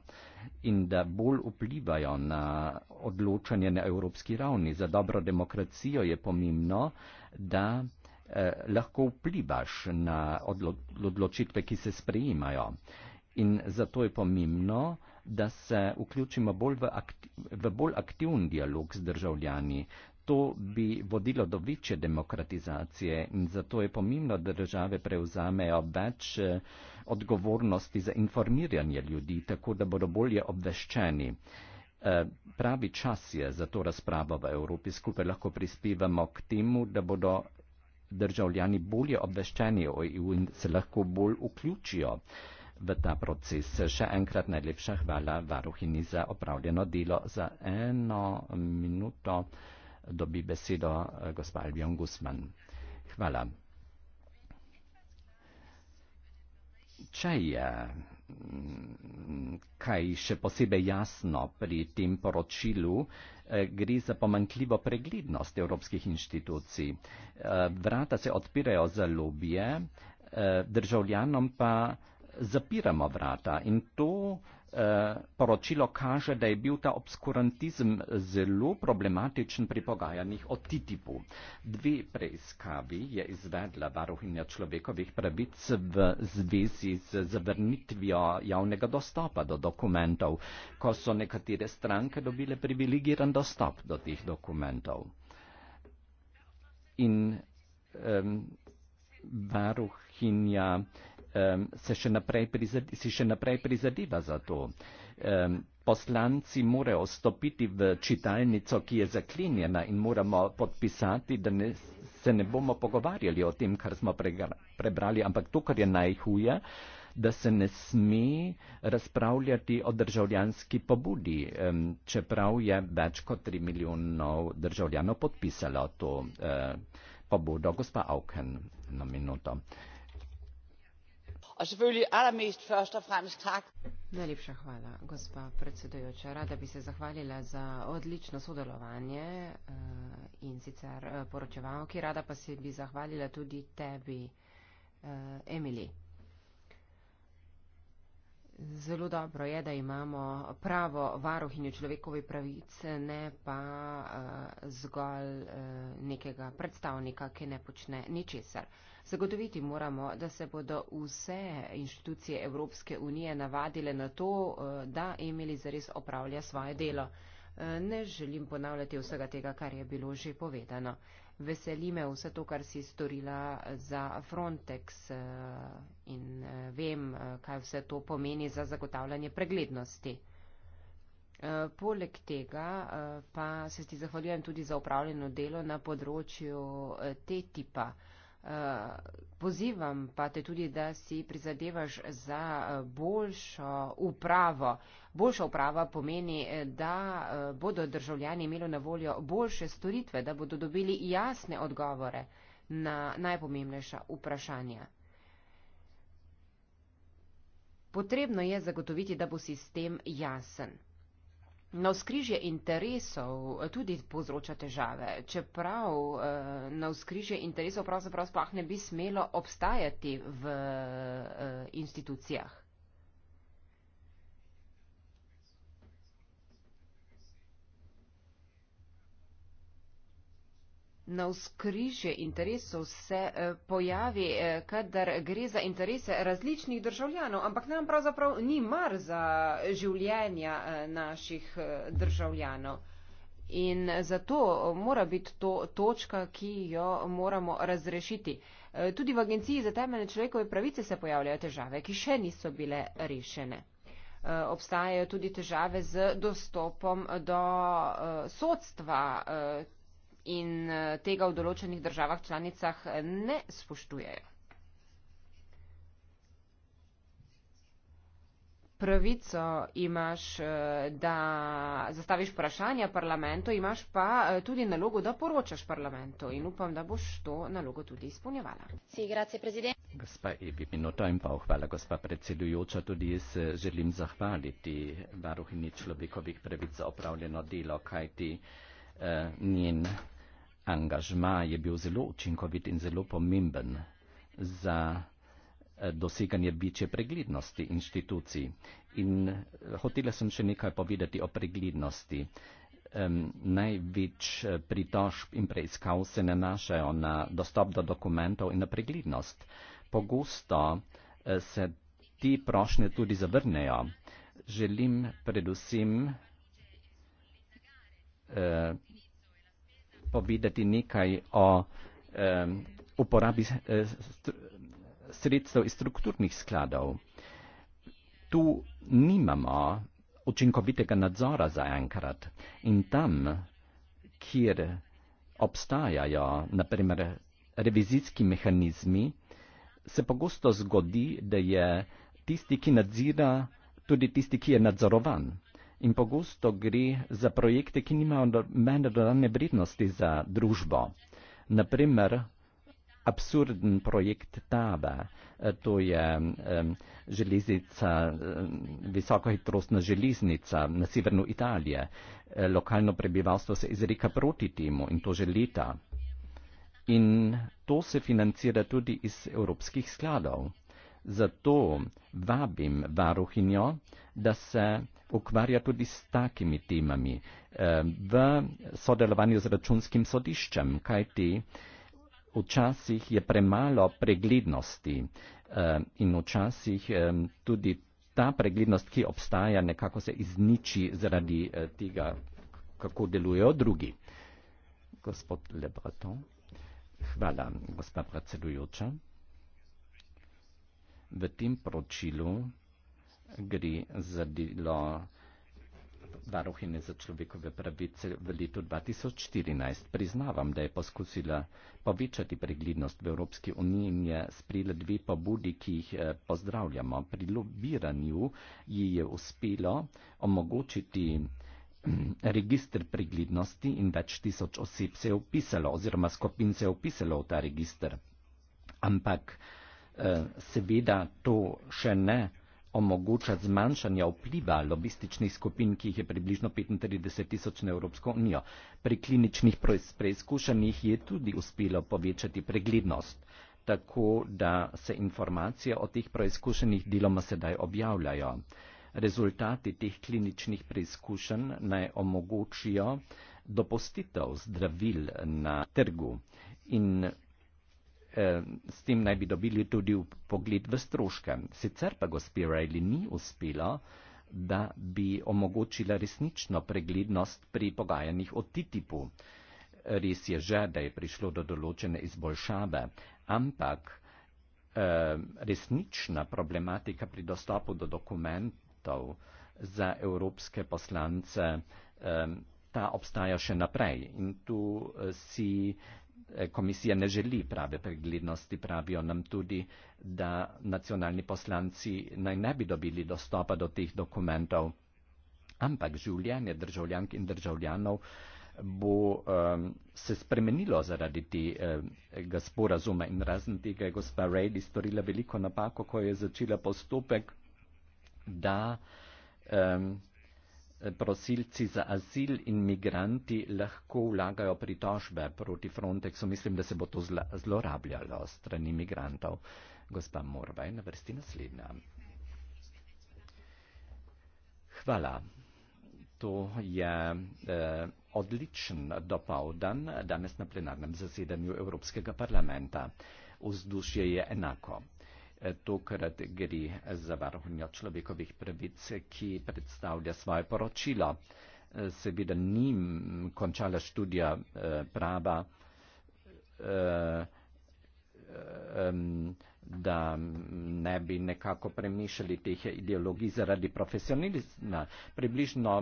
Speaker 3: in da bolj vplivajo na odločanje na evropski ravni. Za dobro demokracijo je pomembno, da Eh, lahko vplivaš na odločitve, ki se sprejemajo. In zato je pomembno, da se vključimo bolj v, v bolj aktivn dialog z državljani. To bi vodilo do večje demokratizacije in zato je pomembno, da države prevzamejo več eh, odgovornosti za informiranje ljudi, tako da bodo bolje obveščeni. Eh, pravi čas je za to razpravo v Evropi, skupaj lahko prispevamo k temu, da bodo državljani bolje obveščeni e in se lahko bolj vključijo v ta proces. Še enkrat najlepša hvala varuhini za opravljeno delo. Za eno minuto dobi besedo eh, gospa Albion Guzman. Hvala. Če je kaj še posebej jasno pri tem poročilu, eh, gre za pomankljivo preglednost evropskih inštitucij. Eh, vrata se odpirajo za lobije, eh, državljanom pa zapiramo vrata in to Eh, poročilo kaže, da je bil ta obskurantizem zelo problematičen pri pogajanjih o TTIP-u. Dve preiskavi je izvedla varuhinja človekovih pravic v zvezi z zavrnitvijo javnega dostopa do dokumentov, ko so nekatere stranke dobile privilegiran dostop do teh dokumentov. In um, varuhinja se še naprej, prizadi, še naprej prizadiva za to. Poslanci morajo stopiti v čitalnico, ki je zaklinjena in moramo podpisati, da ne, se ne bomo pogovarjali o tem, kar smo prebrali, ampak to, kar je najhuje, da se ne sme razpravljati o državljanski pobudi, čeprav je več kot 3 milijonov državljanov podpisalo to eh, pobudo. Gospa Auken, na minuto
Speaker 2: najlepša hvala gospa predsedujoča rada bi se zahvalila za odlično sodelovanje eh, in sicer eh, poročevalki rada pa se bi zahvalila tudi tebi eh, emily zelo dobro je da imamo pravo varuhinjo človekove pravice ne pa zgolj nekega predstavnika ki ne počne ničesar Zagotoviti moramo, da se bodo vse inštitucije Evropske unije navadile na to, eh, da Emily zares opravlja svoje delo. Eh, ne želim ponavljati vsega tega, kar je bilo že povedano. Veseli me vse to, kar si storila za Frontex eh, in vem, kaj vse to pomeni za zagotavljanje preglednosti. Poleg tega pa se ti zahvaljujem tudi za upravljeno delo na področju te tipa pozivam pa te tudi, da si prizadevaš za eh, boljšo upravo. Boljša uprava pomeni, eh, da eh, bodo državljani imeli na voljo boljše storitve, da bodo dobili jasne odgovore na najpomembnejša vprašanja. Potrebno je zagotoviti, da bo sistem jasen. Navskrižje interesov tudi povzroča težave, čeprav eh, navskrižje interesov pravzaprav sploh ne bi smelo obstajati v eh, institucijah. na vzkrižje interesov se eh, pojavi, eh, kadar gre za interese različnih državljanov, ampak nam pravzaprav ni mar za življenja eh, naših eh, državljanov. In zato mora biti to točka, ki jo moramo razrešiti. Eh, tudi v Agenciji za temeljne človekove pravice se pojavljajo težave, ki še niso bile rešene. Eh, obstajajo tudi težave z dostopom do eh, sodstva, eh, in eh, tega v določenih državah članicah eh, ne spoštujejo. Pravico imaš, eh, da zastaviš vprašanja parlamentu, imaš pa tudi nalogo, da poročaš parlamentu in upam, da boš to nalogo tudi izpolnjevala.
Speaker 3: Gospa Evi Minuto in pa hvala, gospa predsedujoča, tudi jaz želim zahvaliti varuhini človekovih pravic za opravljeno delo, kajti eh, njen angažma je bil zelo učinkovit in zelo pomemben za eh, doseganje večje preglednosti inštitucij. In eh, hotela sem še nekaj povedati o preglednosti. Um, največ eh, pritožb in preiskav se nanašajo na dostop do dokumentov in na preglednost. Pogosto se ti prošnje tudi zavrnejo. Želim predvsem uh, povedati nekaj o eh, uporabi eh, sredstev iz strukturnih skladov. Tu nimamo učinkovitega nadzora zaenkrat in tam, kjer obstajajo naprimer revizijski mehanizmi, se pogosto zgodi, da je tisti, ki nadzira, tudi tisti, ki je nadzorovan in pogosto gre za projekte, ki nimajo meni dodane vrednosti za družbo. Naprimer, absurden projekt TABA, eh, to je železnica, visokohitrostna železnica na severnu Italije. Eh, lokalno prebivalstvo se izreka proti temu in to že leta. In to se financira tudi iz evropskih skladov. Zato vabim varuhinjo, da se ukvarja tudi s takimi temami eh, v sodelovanju z računskim sodiščem, kajti včasih je premalo preglednosti eh, in včasih eh, tudi ta preglednost, ki obstaja, nekako se izniči zaradi tega, kako delujejo drugi. Gospod Le Breton. Hvala, gospa predsedujoča. V tem poročilu gre za delo varuhine za človekove pravice v letu 2014. Priznavam, da je poskusila povečati preglednost v Evropski uniji in je sprejela dve pobudi, ki jih eh, pozdravljamo. Pri lobiranju ji je uspelo omogočiti <clears throat> Registr preglednosti in več tisoč oseb se je upisalo oziroma skupin se je upisalo v ta registr. Ampak eh, seveda to še ne omogoča zmanjšanje vpliva lobističnih skupin, ki jih je približno 35 tisoč na Evropsko unijo. Pri kliničnih preizkušanjih je tudi uspelo povečati preglednost, tako da se informacije o teh preizkušanjih deloma sedaj objavljajo. Rezultati teh kliničnih preizkušanj naj omogočijo dopustitev zdravil na trgu in Eh, s tem naj bi dobili tudi pogled v stroške. Sicer pa gospe Rejli ni uspelo, da bi omogočila resnično preglednost pri pogajanjih o TTIP-u. Res je že, da je prišlo do določene izboljšave, ampak eh, resnična problematika pri dostopu do dokumentov za evropske poslance, eh, ta obstaja še naprej. In tu si Eh, komisija ne želi prave preglednosti, pravijo nam tudi, da nacionalni poslanci naj ne bi dobili dostopa do teh dokumentov, ampak življenje državljank in državljanov bo um, se spremenilo zaradi tega um, eh, sporazuma in razen tega je gospa Reidi storila veliko napako, ko je začela postopek, da um, prosilci za azil in migranti lahko vlagajo pritožbe proti Frontexu. Mislim, da se bo to zlorabljalo strani migrantov. Gospa Morbaj, na vrsti naslednja. Hvala. To je eh, odličen dopoldan danes na plenarnem zasedanju Evropskega parlamenta. Vzdušje je enako tokrat gre za varuhnjo človekovih pravic, ki predstavlja svoje poročilo. Seveda ni končala študija eh, prava. Uh, um, da ne bi nekako premišljali teh ideologij zaradi profesionalizma. Približno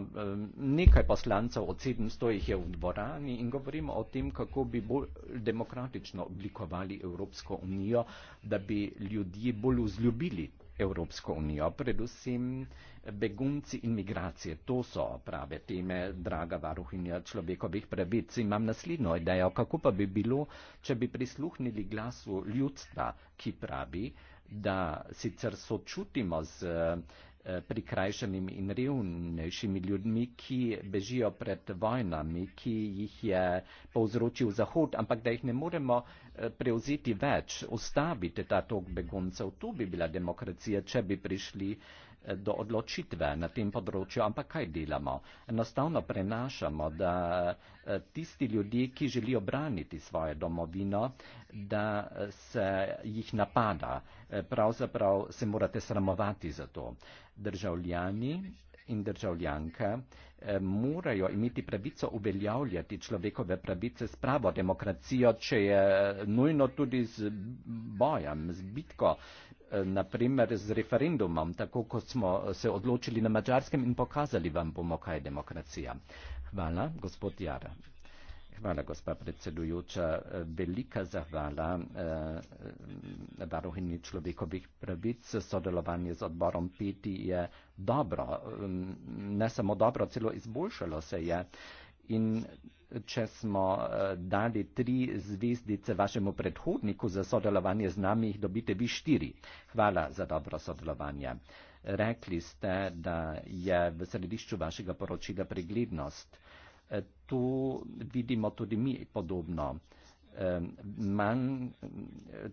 Speaker 3: nekaj poslancev od 700 jih je v dvorani in govorimo o tem, kako bi bolj demokratično oblikovali Evropsko unijo, da bi ljudje bolj vzljubili Evropsko unijo, predvsem begunci in migracije. To so prave teme, draga varuhinja človekovih pravic. Imam naslednjo idejo, kako pa bi bilo, če bi prisluhnili glasu ljudstva, ki pravi, da sicer sočutimo z eh, prikrajšanimi in revnejšimi ljudmi, ki bežijo pred vojnami, ki jih je povzročil Zahod, ampak da jih ne moremo prevzeti več, ustaviti ta tok beguncev. Tu bi bila demokracija, če bi prišli eh, do odločitve na tem področju. Ampak kaj delamo? Enostavno prenašamo, da eh, tisti ljudje, ki želijo braniti svojo domovino, da eh, se jih napada. Pravzaprav se morate sramovati za to. Državljani in državljanke eh, morajo imeti pravico uveljavljati človekove pravice s pravo demokracijo, če je eh, nujno tudi z bojem, z bitko, eh, naprimer z referendumom, tako kot smo se odločili na mačarskem in pokazali vam bomo, kaj je demokracija. Hvala, gospod Jara. Hvala, gospa predsedujoča. Velika zahvala eh, varuhinji človekovih pravic. Sodelovanje z odborom Peti je dobro, mm, ne samo dobro, celo izboljšalo se je. In če smo eh, dali tri zvezdice vašemu predhodniku za sodelovanje z nami, jih dobite vi štiri. Hvala za dobro sodelovanje. Rekli ste, da je v središču vašega poročila preglednost. To vidimo tudi mi podobno. Manj,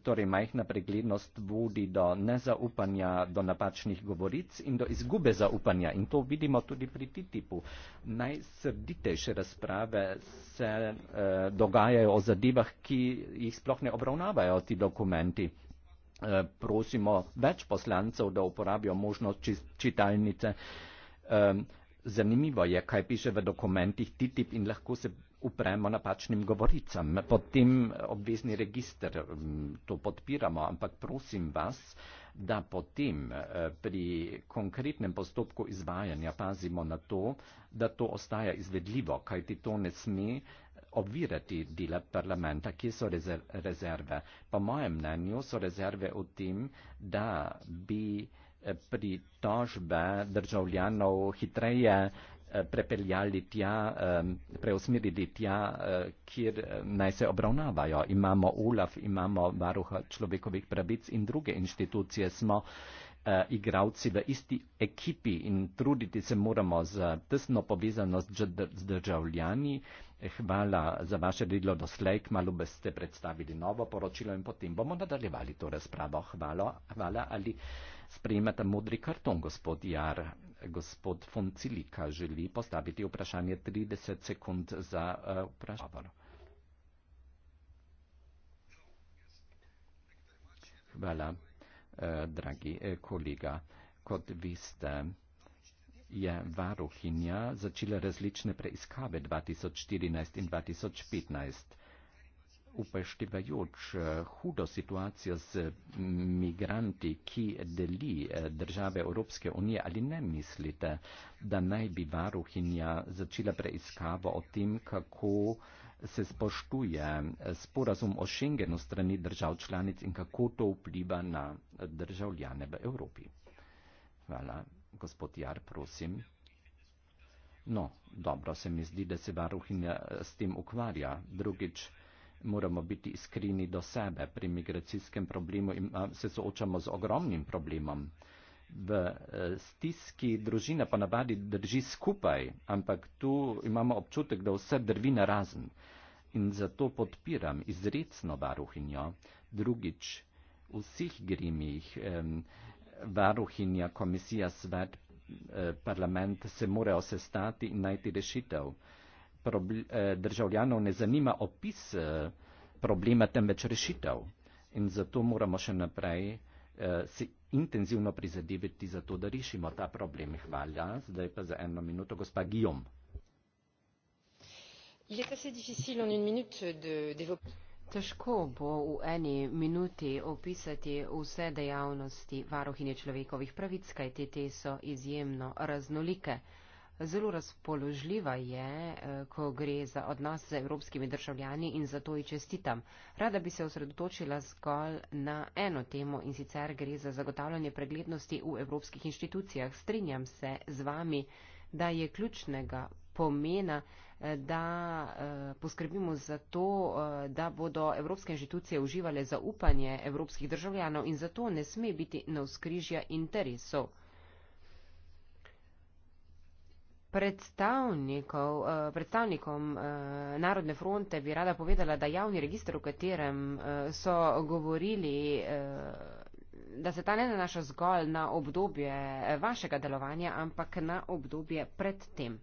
Speaker 3: torej majhna preglednost vodi do nezaupanja, do napačnih govoric in do izgube zaupanja. In to vidimo tudi pri TTIP-u. Najsrditejše razprave se eh, dogajajo o zadevah, ki jih sploh ne obravnavajo ti dokumenti. Eh, prosimo več poslancev, da uporabijo možnost čitalnice. Eh, zanimivo je, kaj piše v dokumentih TTIP in lahko se upremo napačnim govoricam. Potem eh, obvezni register, mm, to podpiramo, ampak prosim vas, da potem eh, pri konkretnem postopku izvajanja pazimo na to, da to ostaja izvedljivo, kajti to ne sme eh, ovirati dele parlamenta, kje so rezerve. Po mojem mnenju so rezerve v tem, da bi pritožbe državljanov hitreje eh, prepeljali tja, preusmerili tja, eh, kjer eh, naj se obravnavajo. Imamo ULAF, imamo varuha človekovih pravic in druge inštitucije smo igravci v isti ekipi in truditi se moramo za tesno povezanost z državljani. Hvala za vaše delo doslej, kmalo boste predstavili novo poročilo in potem bomo nadaljevali to razpravo. Hvala, hvala ali sprejemata modri karton, gospod Jar. Gospod von Cilika želi postaviti vprašanje 30 sekund za uh, vprašanje. Hvala, eh, dragi eh, kolega. Kot veste, je varuhinja začela različne preiskave 2014 in 2015 upoštevajoč eh, hudo situacijo z migranti, ki deli eh, države Evropske unije, ali ne mislite, da naj bi varuhinja začela preiskavo o tem, kako se spoštuje eh, sporazum o Schengenu strani držav članic in kako to vpliva na državljane v Evropi? Hvala, gospod Jar, prosim. No, dobro se mi zdi, da se varuhinja s tem ukvarja. Drugič, moramo biti iskreni do sebe pri migracijskem problemu in se soočamo z ogromnim problemom. V eh, stiski družina pa navadi drži skupaj, ampak tu imamo občutek, da vse drvi na razen. In zato podpiram izredno varuhinjo. Drugič, v vseh grimih varuhinja, komisija, svet, eh, parlament se morajo sestati in najti rešitev. Eh, državljanov ne zanima opis eh, problema, temveč rešitev. In zato moramo še naprej eh, si intenzivno prizadeviti za to, da rešimo ta problem. Hvala. Zdaj pa za eno minuto gospa Gijom.
Speaker 2: Težko bo v eni minuti opisati vse dejavnosti varuhinje človekovih pravic, kajti te so izjemno raznolike. Zelo razpoložljiva je, eh, ko gre za odnos z evropskimi državljani in zato ji čestitam. Rada bi se osredotočila zgolj na eno temo in sicer gre za zagotavljanje preglednosti v evropskih inštitucijah. Strinjam se z vami, da je ključnega pomena, eh, da eh, poskrbimo za to, da bodo evropske inštitucije uživale zaupanje evropskih državljanov in zato ne sme biti na vzkrižja interesov. Predstavnikov, eh, predstavnikom eh, Narodne fronte bi rada povedala, da javni registr, v katerem eh, so govorili, da se ta ne nanaša zgolj na obdobje vašega delovanja, ampak na obdobje predtem.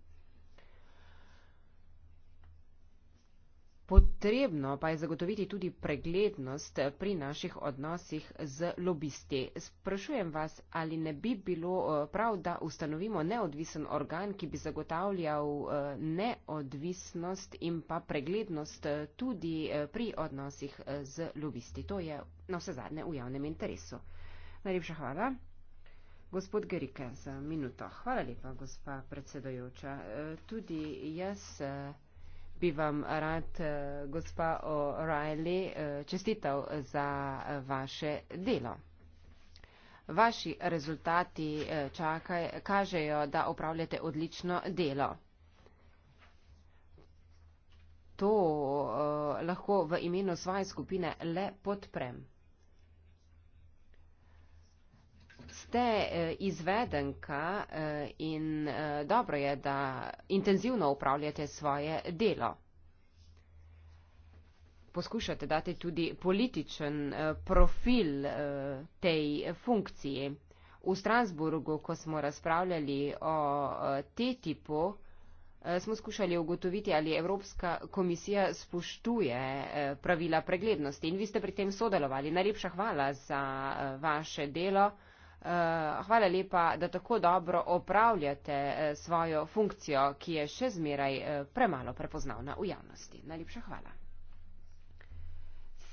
Speaker 2: Potrebno pa je zagotoviti tudi preglednost pri naših odnosih z lobisti. Sprašujem vas, ali ne bi bilo eh, prav, da ustanovimo neodvisen organ, ki bi zagotavljal eh, neodvisnost in pa preglednost eh, tudi pri odnosih z lobisti. To je na vse zadnje v javnem interesu. Najlepša hvala. Gospod Gerike, za minuto. Hvala lepa, gospa predsedojoča. Tudi jaz bi vam rad, eh, gospa O'Reilly, eh, čestital za eh, vaše delo. Vaši rezultati čakaj, kažejo, da upravljate odlično delo. To uh, lahko v imenu svoje skupine le podprem. ste e, izvedenka e, in e, dobro je, da intenzivno upravljate svoje delo. Poskušate dati tudi političen profil tej funkciji. V Strasburgu, ko smo razpravljali o TTIP-u, smo skušali ugotoviti, ali Evropska komisija spoštuje pravila preglednosti in vi ste pri tem sodelovali. Najlepša hvala za vaše delo. Eh, hvala lepa, da tako dobro opravljate eh, svojo funkcijo, ki je še zmeraj eh, premalo prepoznavna v javnosti. Najlepša hvala.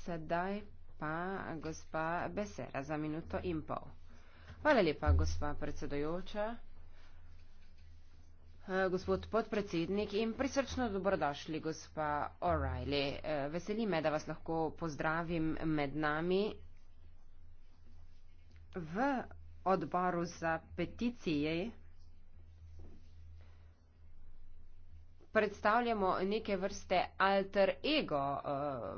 Speaker 2: Sedaj pa gospa Besera za minuto in pol. Hvala lepa, gospa predsedojoča, gospod podpredsednik in prisrčno dobrodošli, gospa O'Reilly. Veseli me, da vas lahko pozdravim med nami. V odboru za peticije predstavljamo neke vrste alter ego eh,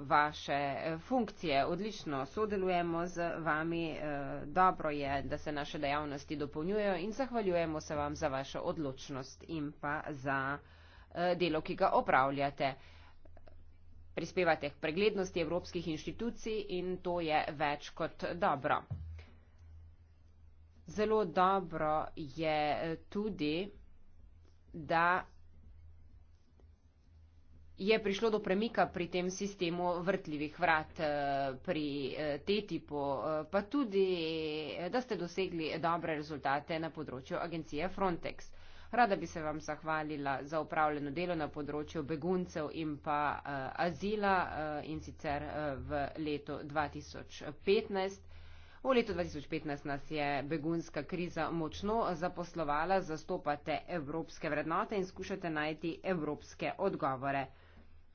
Speaker 2: vaše funkcije. Odlično sodelujemo z vami, eh, dobro je, da se naše dejavnosti dopolnjujejo in zahvaljujemo se vam za vašo odločnost in pa za eh, delo, ki ga opravljate. Prispevate k preglednosti evropskih inštitucij in to je več kot dobro zelo dobro je eh, tudi, da je prišlo do premika pri tem sistemu vrtljivih vrat eh, pri eh, T-tipu, pa tudi, da ste dosegli dobre rezultate na področju agencije Frontex. Rada bi se vam zahvalila za upravljeno delo na področju beguncev in pa azila in sicer v letu 2015. V letu 2015 nas je begunska kriza močno zaposlovala, zastopate evropske vrednote in skušate najti evropske odgovore.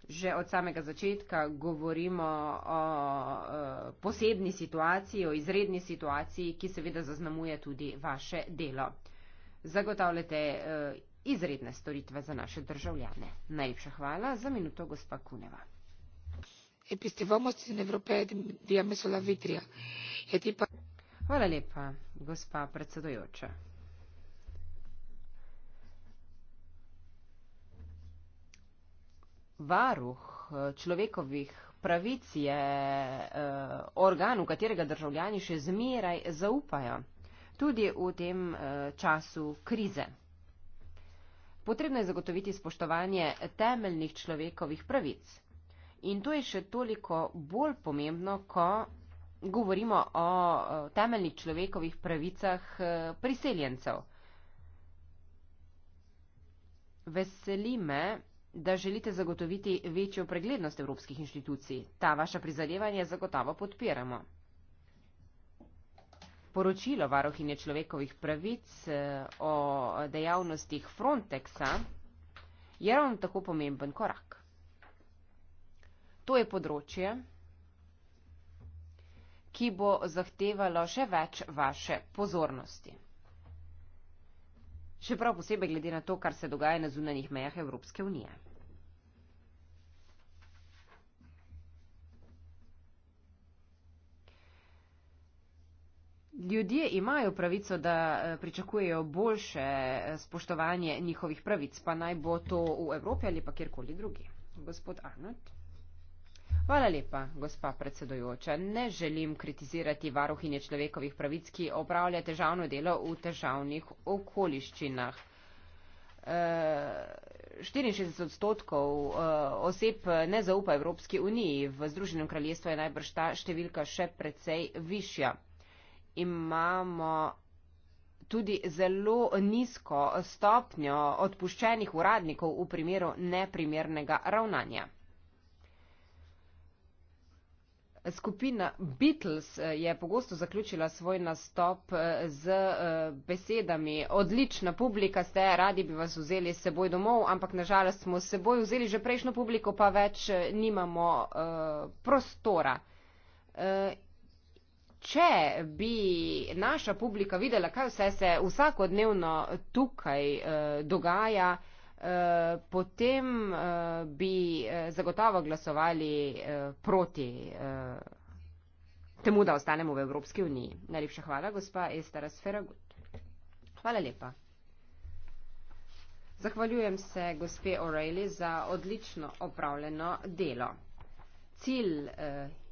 Speaker 2: Že od samega začetka govorimo o, o e, posebni situaciji, o izredni situaciji, ki seveda zaznamuje tudi vaše delo. Zagotavljate e, izredne storitve za naše državljane. Najlepša hvala za minuto, gospa Kuneva epistemomo in evrope diamesola vitria. Pa... Hvala lepa, gospa predsedojoča. Varuh eh, človekovih pravic je eh, organ, v katerega državljani še zmeraj zaupajo, tudi v tem eh, času krize. Potrebno je zagotoviti spoštovanje temeljnih človekovih pravic. In to je še toliko bolj pomembno, ko govorimo o temeljnih človekovih pravicah eh, priseljencev. Veseli me, da želite zagotoviti večjo preglednost evropskih inštitucij. Ta vaša prizadevanja zagotovo podpiramo. Poročilo varohinje človekovih pravic eh, o dejavnostih Frontexa je ravno tako pomemben korak. To je področje, ki bo zahtevalo še več vaše pozornosti. Še prav posebej glede na to, kar se dogaja na zunanjih mejah Evropske unije. Ljudje imajo pravico, da eh, pričakujejo boljše eh, spoštovanje njihovih pravic, pa naj bo to v Evropi ali pa kjerkoli drugi. Gospod Arnold. Hvala lepa, gospa predsedujoča. Ne želim kritizirati varuhinje človekovih pravic, ki opravlja težavno delo v težavnih okoliščinah. E, eh, 64 odstotkov e, oseb ne zaupa Evropski uniji, v Združenem kraljestvu je najbrž ta številka še precej višja. Imamo tudi zelo nizko stopnjo odpuščenih uradnikov v primeru neprimernega ravnanja. Skupina Beatles eh, je pogosto zaključila svoj nastop eh, z eh, besedami: Odlična publika ste, radi bi vas vzeli seboj domov, ampak nažalost smo seboj vzeli že prejšnjo publiko, pa več nimamo prostora. Če bi naša publika videla, kaj vse se vsakodnevno tukaj dogaja, Eh, potem eh, bi eh, zagotovo glasovali proti temu, da ostanemo v Evropski uniji. Najlepša hvala, gospa Estera Sferagut. Hvala lepa. Zahvaljujem se gospe O'Reilly za odlično opravljeno delo. Cilj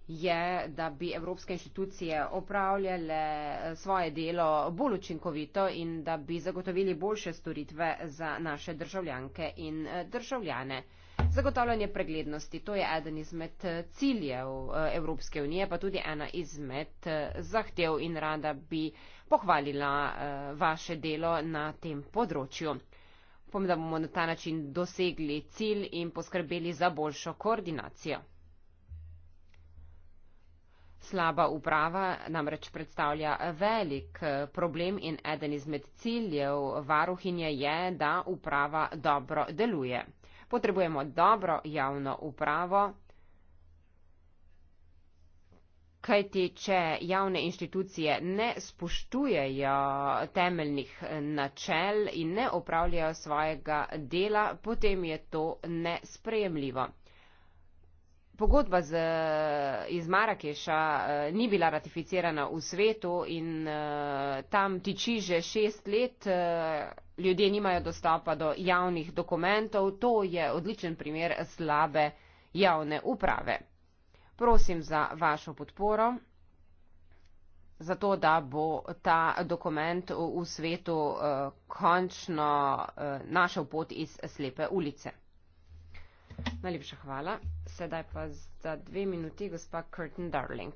Speaker 2: je, da bi evropske institucije opravljale eh, svoje delo bolj učinkovito in da bi zagotovili boljše storitve za naše državljanke in eh, državljane. Zagotavljanje preglednosti, to je eden izmed eh, ciljev Evropske unije, pa tudi ena izmed zahtev in rada bi pohvalila vaše delo na tem področju. Upam, da bomo na ta način dosegli cilj in poskrbeli za boljšo koordinacijo. Slaba uprava namreč predstavlja velik eh, problem in eden izmed ciljev varuhinje je, da uprava dobro deluje. Potrebujemo dobro javno upravo, kajti če javne inštitucije ne spoštujejo temeljnih eh, načel in ne opravljajo svojega dela, potem je to nesprejemljivo. Pogodba z, eh, iz Marakeša eh, ni bila ratificirana v svetu in eh, tam tiči že šest let, ljudje nimajo dostopa do javnih dokumentov, to je odličen primer slabe javne uprave. Prosim za vašo podporo, zato da bo ta dokument v svetu končno našel pot iz slepe ulice. Najlepša hvala. Sedaj pa za dve minuti gospa Curtin Darling.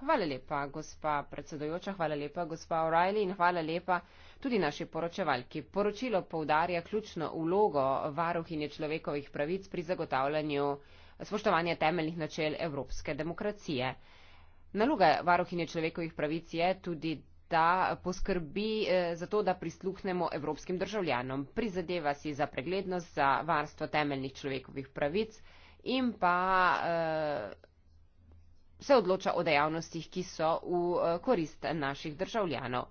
Speaker 2: Hvala lepa, gospa predsedojoča, hvala lepa, gospa O'Reilly in hvala lepa tudi naši poročevalki. Poročilo povdarja ključno ulogo varuhinje človekovih pravic pri zagotavljanju spoštovanja temeljnih načel evropske demokracije. Naloga varuhinje človekovih pravic je tudi ta poskrbi eh, za to, da prisluhnemo evropskim državljanom. Prizadeva si za preglednost, za varstvo temeljnih človekovih pravic in pa eh, se odloča o dejavnostih, ki so v eh, korist naših državljanov.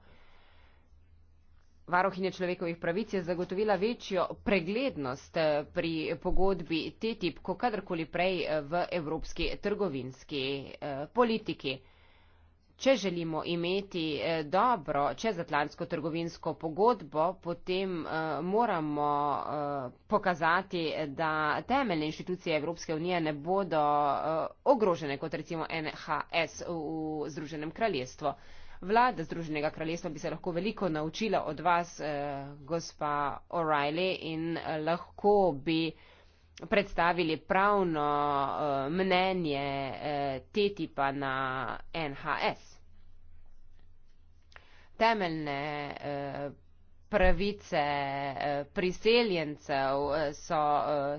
Speaker 2: Varohinje človekovih pravic je zagotovila večjo preglednost pri pogodbi TTIP, ko kadarkoli prej v evropski trgovinski politiki. Če želimo imeti eh, dobro čezatlantsko trgovinsko pogodbo, potem eh, moramo eh, pokazati, da temeljne inštitucije Evropske unije ne bodo ogrožene kot recimo NHS v Združenem kraljestvu. Vlada Združenega kraljestva bi se lahko veliko naučila od vas, gospa O'Reilly, in lahko bi predstavili pravno eh, mnenje eh, TTIP-a na NHS. Temeljne eh, pravice priseljencev so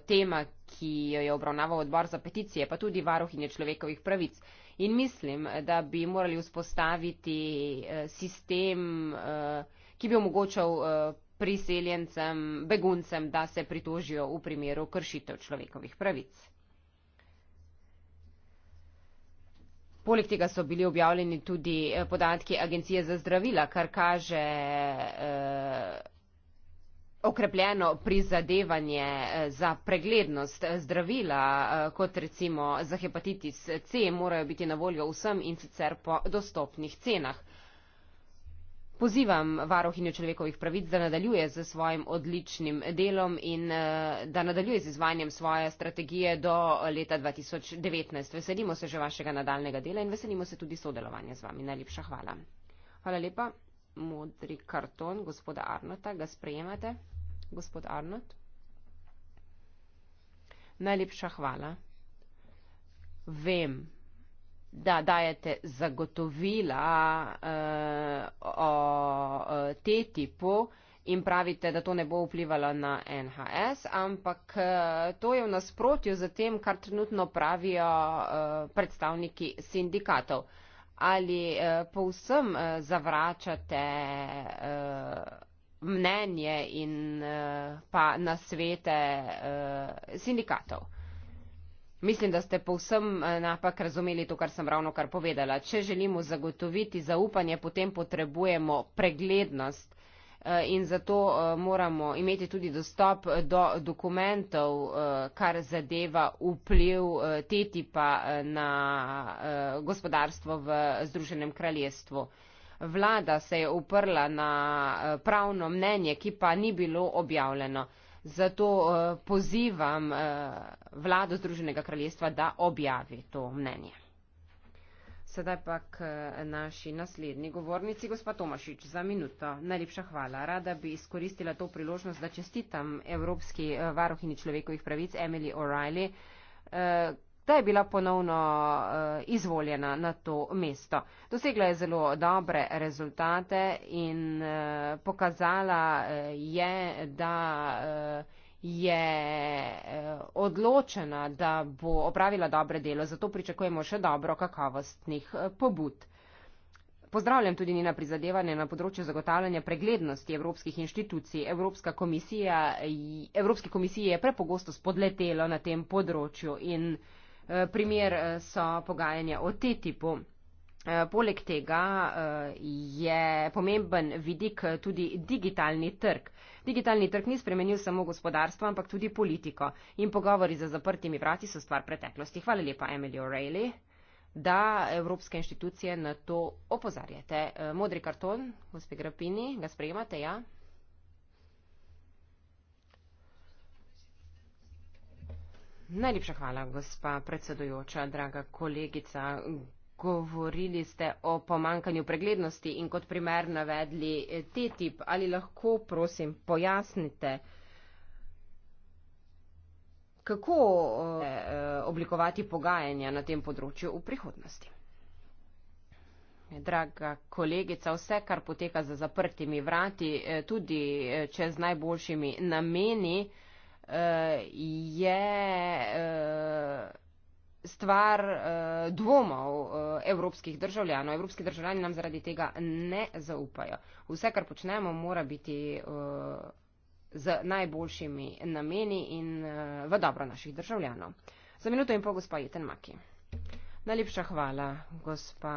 Speaker 2: tema, ki jo je obravnaval odbor za peticije, pa tudi varuhinje človekovih pravic. In mislim, da bi morali vzpostaviti sistem, ki bi omogočal priseljencem, beguncem, da se pritožijo v primeru kršitev človekovih pravic. Poleg tega so bili objavljeni tudi eh, podatki Agencije za zdravila, kar kaže eh, okrepljeno prizadevanje eh, za preglednost eh, zdravila, eh, kot recimo za hepatitis C, morajo biti na voljo vsem in sicer po dostopnih cenah. Pozivam varohinjo človekovih pravic, da nadaljuje z svojim odličnim delom in eh, da nadaljuje z izvanjem svoje strategije do eh, leta 2019. Veselimo se že vašega nadaljnega dela in veselimo se tudi sodelovanja z vami. Najlepša hvala. Hvala lepa. Modri karton gospoda Arnota. Ga sprejemate, gospod Arnot? Najlepša hvala. Vem, da dajete zagotovila uh, o uh, TTIP-u in pravite, da to ne bo vplivalo na NHS, ampak uh, to je v nasprotju z tem, kar trenutno pravijo uh, predstavniki sindikatov. Ali uh, povsem uh, zavračate uh, mnenje in uh, pa nasvete uh, sindikatov? Mislim, da ste povsem eh, napak razumeli to, kar sem ravno kar povedala. Če želimo zagotoviti zaupanje, potem potrebujemo preglednost eh, in zato eh, moramo imeti tudi dostop do dokumentov, kar zadeva vpliv TTIP-a na gospodarstvo v Združenem kraljestvu. Vlada se je uprla na pravno mnenje, ki pa ni bilo objavljeno. Zato eh, pozivam eh, vlado Združenega kraljestva, da objavi to mnenje. Sedaj pa k eh, naši naslednji govornici, gospod Tomašič, za minuto. Najlepša hvala. Rada bi izkoristila to priložnost, da čestitam Evropski varohini človekovih pravic Emily O'Reilly, da je bila ponovno eh, izvoljena na to mesto. Dosegla je zelo dobre rezultate in eh, pokazala eh, je, da je odločena, da bo opravila dobre delo, zato pričakujemo še dobro kakovostnih pobud. Pozdravljam tudi njena prizadevanja na področju zagotavljanja preglednosti evropskih inštitucij. Evropska komisija, Evropski komisiji je prepogosto spodletelo na tem področju in uh, Eh, primer eh, so pogajanja o TTIP-u. Eh, poleg tega je pomemben vidik tudi digitalni trg. Digitalni trg ni spremenil samo gospodarstvo, ampak tudi politiko. In pogovori za zaprtimi vrati so stvar preteklosti. Hvala lepa, Emily O'Reilly, da evropske inštitucije na to opozarjate. Modri karton, gospe Grapini, ga sprejemate, ja? Najlepša hvala, gospa predsedujoča, draga kolegica. Govorili ste o pomankanju preglednosti in kot primer navedli TTIP. Ali lahko, prosim, pojasnite, kako eh, oblikovati pogajanja na tem področju v prihodnosti? Draga kolegica, vse, kar poteka za zaprtimi vrati, eh, tudi eh, če z najboljšimi nameni, uh, je uh, stvar uh, dvomov uh, evropskih državljanov. Evropski državljani nam zaradi tega ne zaupajo. Vse, kar počnemo, mora biti uh, z najboljšimi nameni in uh, v dobro naših državljanov. Za minuto in pol, gospa Jitenmaki. Najlepša hvala, gospa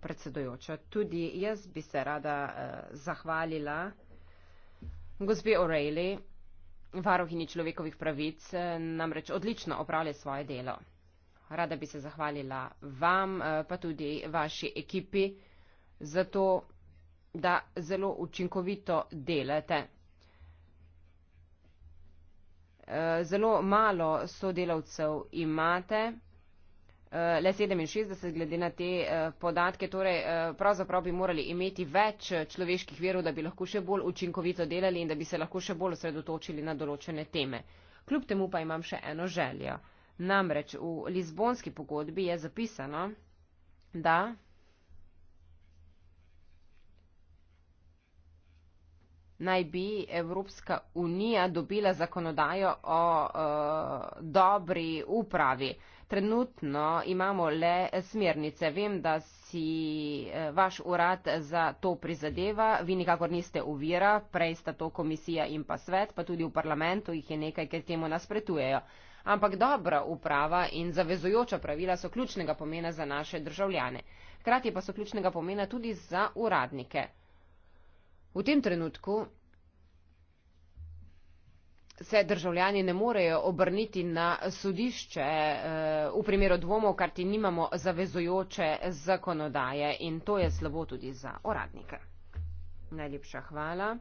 Speaker 2: predsedojoča. Tudi jaz bi se rada eh, zahvalila gospi O'Reilly. Varohini človekovih pravic eh, namreč odlično opravlja svoje delo. Rada bi se zahvalila vam, eh, pa tudi vaši ekipi, za to, da zelo učinkovito delate. Eh, zelo malo sodelavcev imate le 67 glede na te eh, podatke. Torej, eh, pravzaprav bi morali imeti več eh, človeških verov, da bi lahko še bolj učinkovito delali in da bi se lahko še bolj osredotočili na določene teme. Kljub temu pa imam še eno željo. Namreč v Lizbonski pogodbi je zapisano, da. naj bi Evropska unija dobila zakonodajo o e, dobri upravi trenutno imamo le smernice. Vem, da si eh, vaš urad za to prizadeva, vi nikakor niste uvira, prej sta to komisija in pa svet, pa tudi v parlamentu jih je nekaj, ker temu nasprotujejo. Ampak dobra uprava in zavezujoča pravila so ključnega pomena za naše državljane. Hkrati pa so ključnega pomena tudi za uradnike. V tem trenutku se državljani ne morejo obrniti na sodišče eh, v primeru dvomov, kar ti nimamo zavezojoče zakonodaje in to je slabo tudi za uradnike. Najlepša hvala.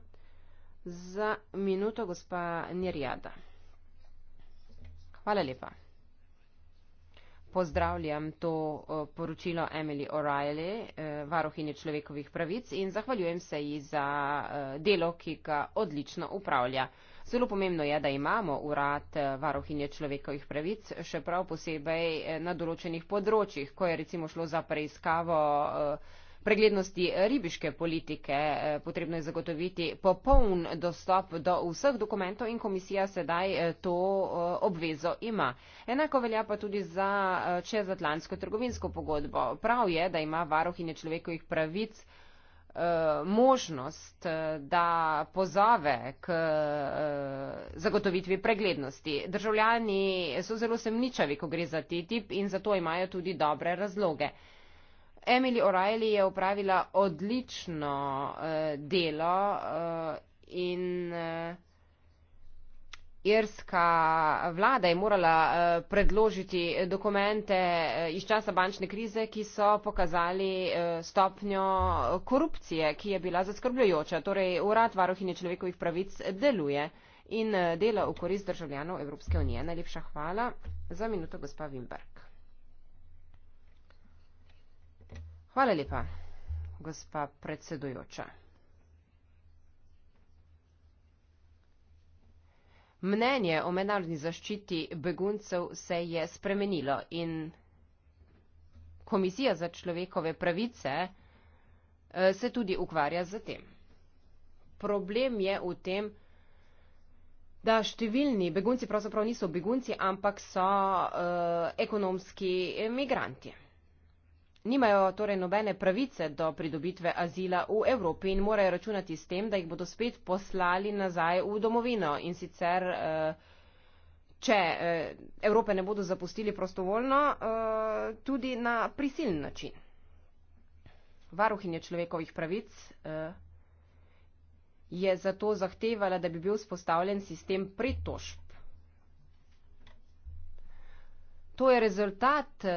Speaker 2: Za minuto gospa Nirjada. Hvala lepa. Pozdravljam to eh, poročilo Emily O'Reilly, eh, varohinje človekovih pravic in zahvaljujem se ji za delo, ki ga odlično upravlja. Zelo pomembno je, da imamo urad eh, varohinje človekovih pravic, še prav posebej eh, na določenih področjih, ko je recimo šlo za preiskavo eh, preglednosti ribiške politike. Potrebno je zagotoviti popoln dostop do vseh dokumentov in komisija sedaj to obvezo ima. Enako velja pa tudi za čezatlantsko trgovinsko pogodbo. Prav je, da ima varohinje človekovih pravic Eh, možnost, eh, da pozove k eh, zagotovitvi preglednosti. Državljani so zelo semničavi, ko gre za TTIP in zato imajo tudi dobre razloge. Emily O'Reilly je upravila odlično delo in irska vlada je morala eh, predložiti dokumente eh, iz časa bančne krize, ki so pokazali eh, stopnjo korupcije, ki je bila zaskrbljujoča. Torej, urad varuhinje človekovih pravic deluje in dela v korist državljanov Evropske unije. Najlepša hvala za minuto, gospa Wimberg. Hvala lepa, gospa predsedujoča. Mnenje o mednarodni zaščiti beguncev se je spremenilo in Komisija za človekove pravice eh, se tudi ukvarja z tem. Problem je v tem, da številni begunci pravzaprav niso begunci, ampak so uh, ekonomski emigranti nimajo torej nobene pravice do pridobitve azila v Evropi in morajo računati s tem, da jih bodo spet poslali nazaj v domovino. In sicer, eh, če eh, Evrope ne bodo zapustili prostovoljno, eh, tudi na prisiln način. Varuhinje človekovih pravic je zato zahtevala, da bi bil spostavljen sistem pritožb to je rezultat eh,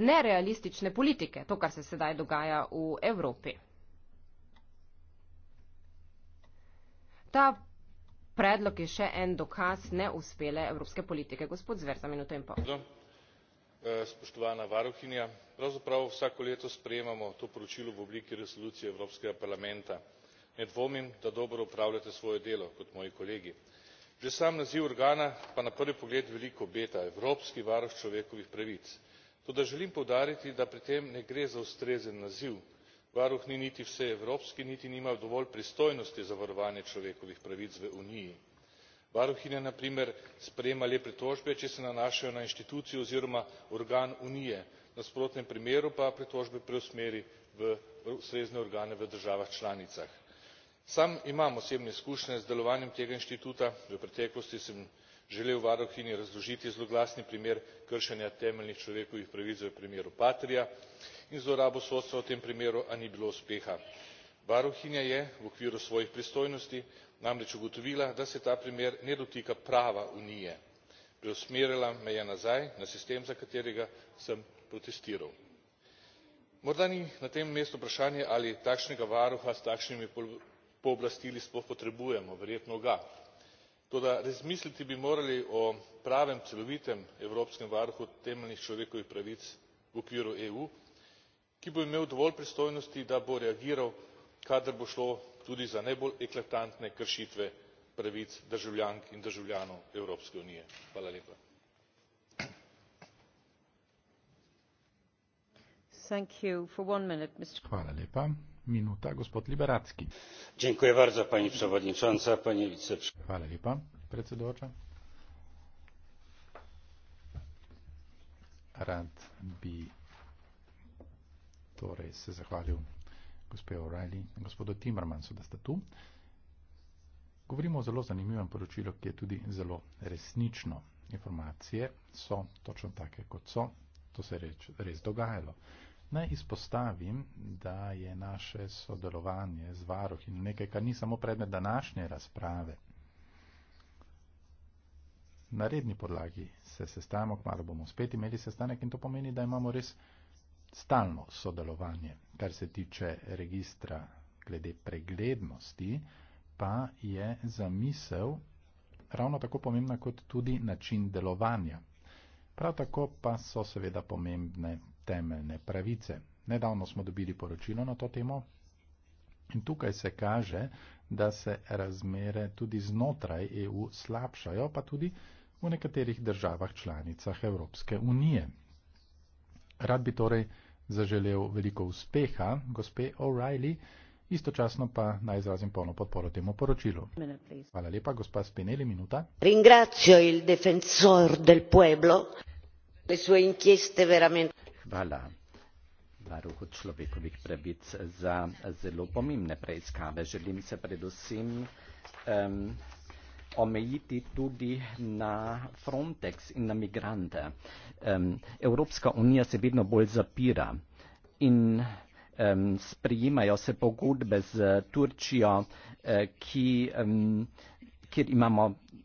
Speaker 2: nerealistične politike, to, kar se sedaj dogaja v Evropi. Ta predlog je še en dokaz neuspele evropske politike. Gospod Zver, za minuto in pol.
Speaker 4: Eh, spoštovana varuhinja, pravzaprav vsako leto sprejemamo to poročilo v obliki resolucije Evropskega parlamenta. Ne dvomim, da dobro upravljate svoje delo kot moji kolegi že sam naziv organa pa na prvi pogled veliko obeta evropski varuh človekovih pravic toda želim poudariti da pri tem ne gre za ustrezen naziv varuh ni niti vseevropski niti nima dovolj pristojnosti za varovanje človekovih pravic v uniji. varuhinja na primer sprejema le pritožbe če se nanašajo na inštitucijo oziroma organ unije v nasprotnem primeru pa pritožbe preusmeri v ustrezne organe v državah članicah sam imam osebne izkušnje z delovanjem tega inštituta v preteklosti sem želel varuhinji razložiti zloglasni primer kršenja temeljnih človekovih pravic v primeru patria in zlorabo sodstva v tem primeru a ni bilo uspeha. varuhinja je v okviru svojih pristojnosti namreč ugotovila da se ta primer ne dotika prava unije preusmerila me je nazaj na sistem za katerega sem protestiral. morda ni na tem mestu vprašanje ali takšnega varuha s takšnimi pooblastili sploh potrebujemo verjetno ga. toda razmisliti bi morali o pravem celovitem evropskem varuhu temeljnih človekovih pravic v okviru eu ki bo imel dovolj pristojnosti da bo reagiral kadar bo šlo tudi za najbolj eklatantne kršitve pravic državljank in državljanov evropske unije
Speaker 1: minuta gospod liberacki
Speaker 4: dziękuję bardzo pani przewodnicząca panie
Speaker 1: wiceprzewodniczący rad bi torej se zahvalil gospe O'Reilly in gospodu Timmermansu, da sta tu. Govorimo o zelo zanimivem poročilu, ki je tudi zelo resnično. Informacije so točno take, kot so. To se je res dogajalo. Naj izpostavim, da je naše sodelovanje z varohin nekaj, kar ni samo predmet današnje razprave. Na redni podlagi se sestajamo, kmalo bomo spet imeli sestanek in to pomeni, da imamo res stalno sodelovanje. Kar se tiče registra glede preglednosti, pa je zamisel ravno tako pomembna kot tudi način delovanja. Prav tako pa so seveda pomembne temeljne pravice. Nedavno smo dobili poročilo na to temo in tukaj se kaže, da se razmere tudi znotraj EU slabšajo, pa tudi v nekaterih državah članicah Evropske unije. Rad bi torej zaželel veliko uspeha, gospe O'Reilly, istočasno pa naj izrazim polno podporo temu poročilu. Hvala lepa, gospa Spinelli, minuta.
Speaker 2: Ringrazio il defensor del pueblo, le sue inchieste veramente
Speaker 3: hvala varuhu človekovih pravic za zelo pomembne preiskave. Želim se predvsem um, omejiti tudi na Frontex in na migrante. Um, Evropska unija se vedno bolj zapira in um, sprijemajo se pogodbe z Turčijo, uh, ki um, kjer imamo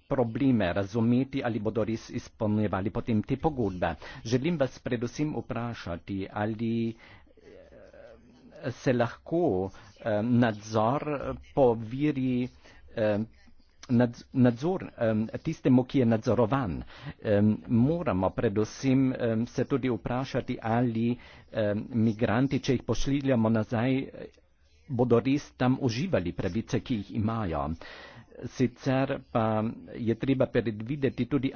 Speaker 3: probleme razumeti, ali bodo res izpolnjevali potem te pogodbe. Želim vas predvsem vprašati, ali eh, se lahko eh, nadzor poviri eh, nadz, nadzor, eh, tistemu, ki je nadzorovan. Eh, moramo predvsem eh, se tudi vprašati, ali eh, migranti, če jih pošiljamo nazaj, eh, bodo res tam uživali pravice, ki jih imajo. Eh, sicer pa je treba predvideti tudi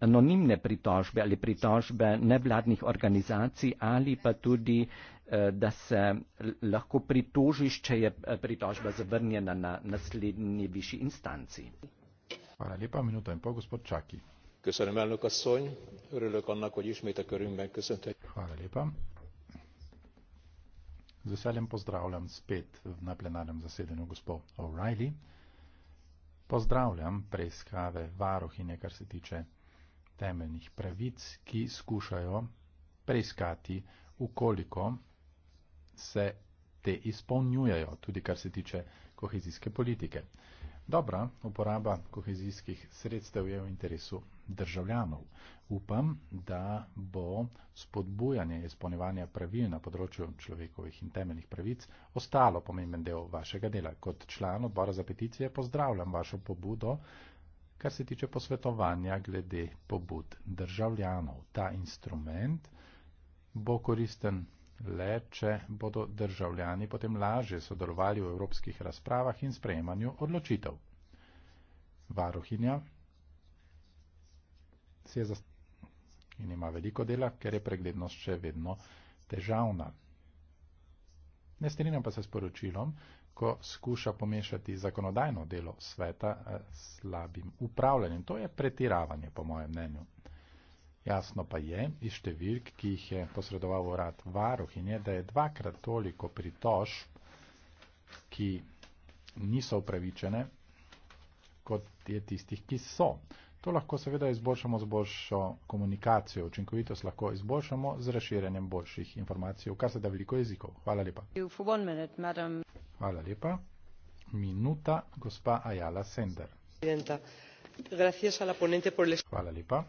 Speaker 3: anonimne pritožbe ali pritožbe nevladnih organizacij ali pa tudi, eh, da se lahko pritožiš, če je eh, pritožba zavrnjena na naslednji višji instanci. Hvala lepa, minuta in pol,
Speaker 1: gospod Čaki.
Speaker 4: Köszönöm elnök asszony, örülök annak, hogy ismét a körünkben köszöntek.
Speaker 1: Hála Z veseljem pozdravljam spet na plenarnem zasedanju gospod O'Reilly pozdravljam preiskave varohine, kar se tiče temeljnih pravic, ki skušajo preiskati, ukoliko se te izpolnjujejo, tudi kar se tiče kohezijske politike. Dobra uporaba kohezijskih sredstev je v interesu državljanov. Upam, da bo spodbujanje izpolnjevanja pravil na področju človekovih in temeljnih pravic ostalo pomemben del vašega dela. Kot član odbora za peticije pozdravljam vašo pobudo, kar se tiče posvetovanja glede pobud državljanov. Ta instrument bo koristen Le če bodo državljani potem lažje sodelovali v evropskih razpravah in sprejemanju odločitev. Varuhinja se je in ima veliko dela, ker je preglednost še vedno težavna. Ne strinjam pa se s poročilom, ko skuša pomešati zakonodajno delo sveta s eh, slabim upravljanjem. To je pretiravanje, po mojem mnenju. Jasno pa je iz številk, ki jih je posredoval urad varuhinje, da je dvakrat toliko pritožb, ki niso upravičene, kot je tistih, ki so. To lahko seveda izboljšamo z boljšo komunikacijo, učinkovitost lahko izboljšamo z razširjenjem boljših informacij, kar se da veliko jezikov. Hvala lepa.
Speaker 2: Minute,
Speaker 1: Hvala lepa. Minuta, gospa Ajala Sender. Hvala lepa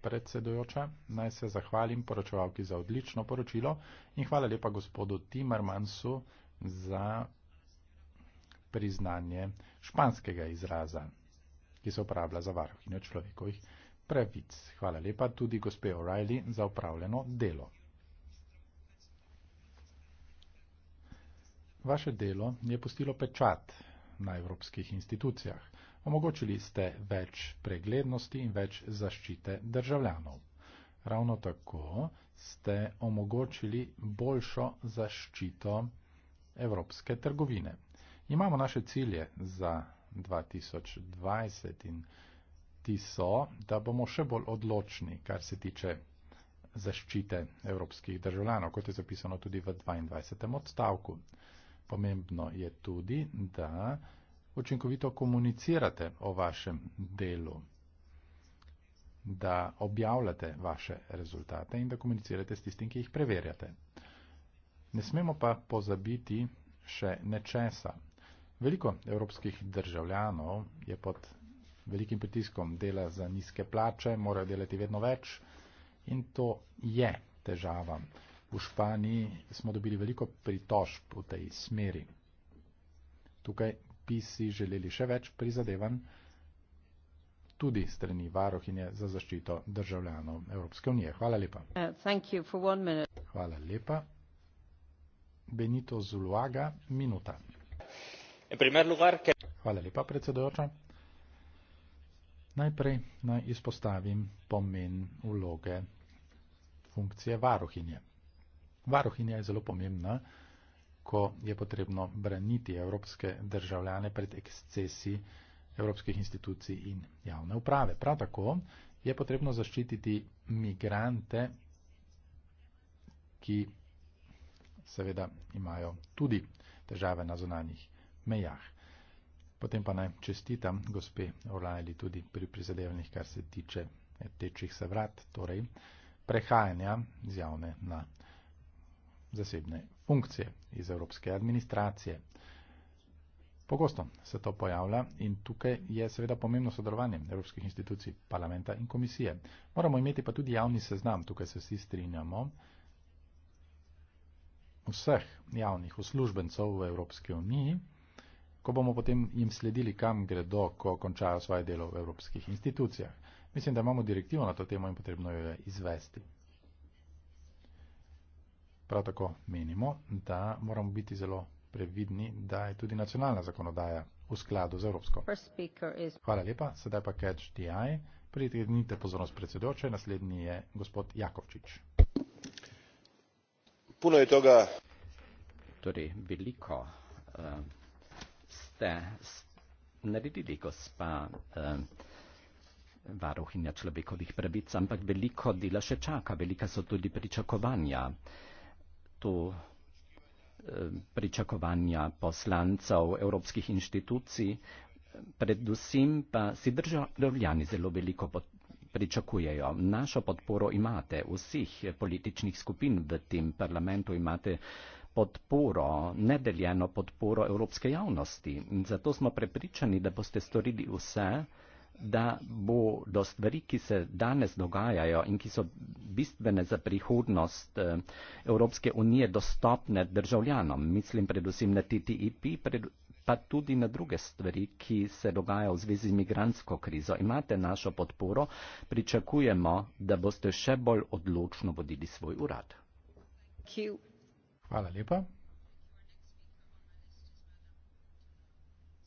Speaker 1: predsedujoča, naj se zahvalim poročevalki za odlično poročilo in hvala lepa gospodu Timmermansu za priznanje španskega izraza, ki se uporablja za varuhinjo človekovih pravic. Hvala lepa tudi gospe O'Reilly za upravljeno delo. Vaše delo je pustilo pečat na evropskih institucijah. Omogočili ste več preglednosti in več zaščite državljanov. Ravno tako ste omogočili boljšo zaščito evropske trgovine. Imamo naše cilje za 2020 in ti so, da bomo še bolj odločni, kar se tiče zaščite evropskih državljanov, kot je zapisano tudi v 22. odstavku. Pomembno je tudi, da učinkovito komunicirate o vašem delu, da objavljate vaše rezultate in da komunicirate s tistim, ki jih preverjate. Ne smemo pa pozabiti še nečesa. Veliko evropskih državljanov je pod velikim pritiskom dela za nizke plače, morajo delati vedno več in to je težava. V Španiji smo dobili veliko pritožb v tej smeri. Tukaj bi si želeli še več prizadevanj, tudi strani varohinje za zaščito državljanov Evropske unije. Hvala lepa.
Speaker 2: Uh,
Speaker 1: Hvala lepa. Benito Zuluaga, minuta. Hvala lepa, predsedojoča. Najprej naj izpostavim pomen vloge funkcije varohinje. Varohinja je zelo pomembna ko je potrebno braniti evropske državljane pred ekscesi evropskih institucij in javne uprave. Prav tako je potrebno zaščititi migrante, ki seveda imajo tudi težave na zonanjih mejah. Potem pa naj čestitam gospe Orlajli tudi pri prizadevanjih, kar se tiče tečih se vrat, torej prehajanja z javne na mejah zasebne funkcije iz evropske administracije. Pogosto se to pojavlja in tukaj je seveda pomembno sodelovanje evropskih institucij, parlamenta in komisije. Moramo imeti pa tudi javni seznam, tukaj se vsi strinjamo, vseh javnih uslužbencov v Evropski uniji, ko bomo potem jim sledili, kam gredo, ko končajo svoje delo v evropskih institucijah. Mislim, da imamo direktivo na to temo in potrebno jo je izvesti. Prav tako menimo, da moramo biti zelo previdni, da je tudi nacionalna zakonodaja v skladu z Evropsko. Hvala lepa, sedaj pa catch the eye. Pritegnite pozornost predsedoče, naslednji je gospod Jakovčič.
Speaker 4: Puno je toga.
Speaker 3: Torej, veliko uh, ste naredili, gospa uh, varuhinja človekovih pravic, ampak veliko dela še čaka, velika so tudi pričakovanja. Uh, tu eh, pričakovanja poslancev evropskih inštitucij, predvsem pa si državljani zelo veliko pričakujejo. Našo podporo imate, vseh političnih skupin v tem parlamentu imate podporo, nedeljeno podporo evropske javnosti. In zato smo prepričani, da boste storili vse, da bodo stvari, ki se danes dogajajo in ki so bistvene za prihodnost eh, Evropske unije, dostopne državljanom. Mislim predvsem na TTIP, pred, pa tudi na druge stvari, ki se dogajajo v zvezi z imigransko krizo. Imate našo podporo, pričakujemo, da boste še bolj odločno vodili svoj urad.
Speaker 1: Hvala lepa.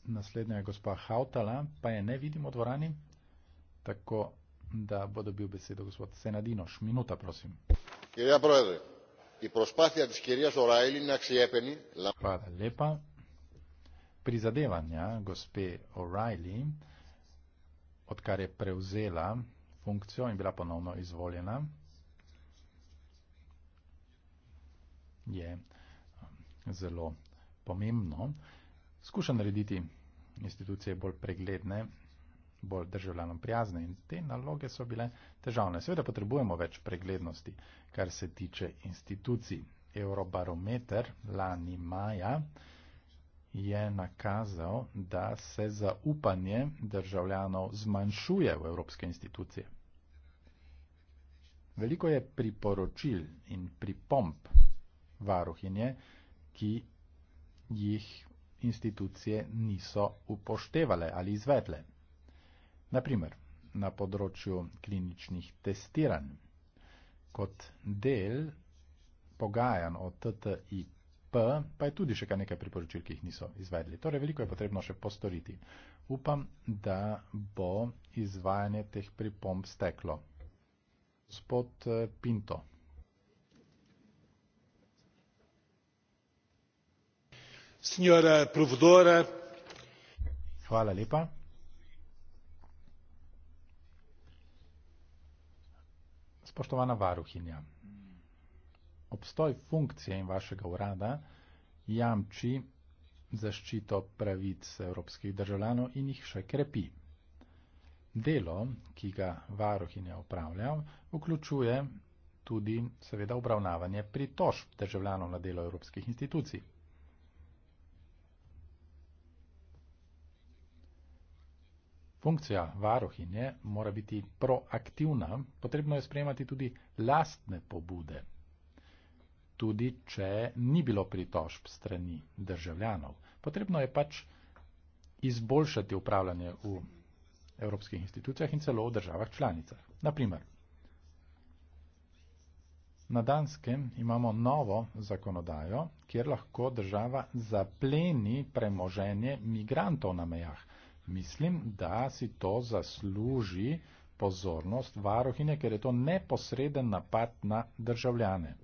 Speaker 1: naslednja je gospa Hautala, pa je ne vidimo v dvorani, tako da bo dobil besedo gospod Senadinoš. Minuta, prosim. Hvala lepa. Prizadevanja gospe O'Reilly, odkar je prevzela funkcijo in bila ponovno izvoljena, je um, zelo pomembno skuša narediti institucije bolj pregledne, bolj državljanom prijazne in te naloge so bile težavne. Seveda potrebujemo več preglednosti, kar se tiče institucij. Eurobarometer lani maja je nakazal, da se zaupanje državljanov zmanjšuje v evropske institucije. Veliko je priporočil in pripomp varuhinje, ki jih institucije niso upoštevale ali izvedle. Naprimer, na področju kliničnih testiranj. Kot del pogajan o TTIP pa je tudi še kar nekaj priporočil, ki jih niso izvedli. Torej, veliko je potrebno še postoriti. Upam, da bo izvajanje teh pripomb steklo. Gospod eh, Pinto. hvala lepa. spoštovana varuhinja obstoj funkcije in vašega urada jamči zaščito pravic evropskih državljanov in jih še krepi. Delo, ki ga varuhinja opravlja, vključuje tudi seveda obravnavanje pritožb državljanov na delo evropskih institucij. Funkcija varohinje mora biti proaktivna, potrebno je sprejemati tudi lastne pobude, tudi če ni bilo pritožb strani državljanov. Potrebno je pač izboljšati upravljanje v evropskih institucijah in celo v državah članicah. Naprimer, na Danskem imamo novo zakonodajo, kjer lahko država zapleni premoženje migrantov na mejah mislim, da si to zasluži pozornost varuhinje, ker je to neposreden napad na državljane.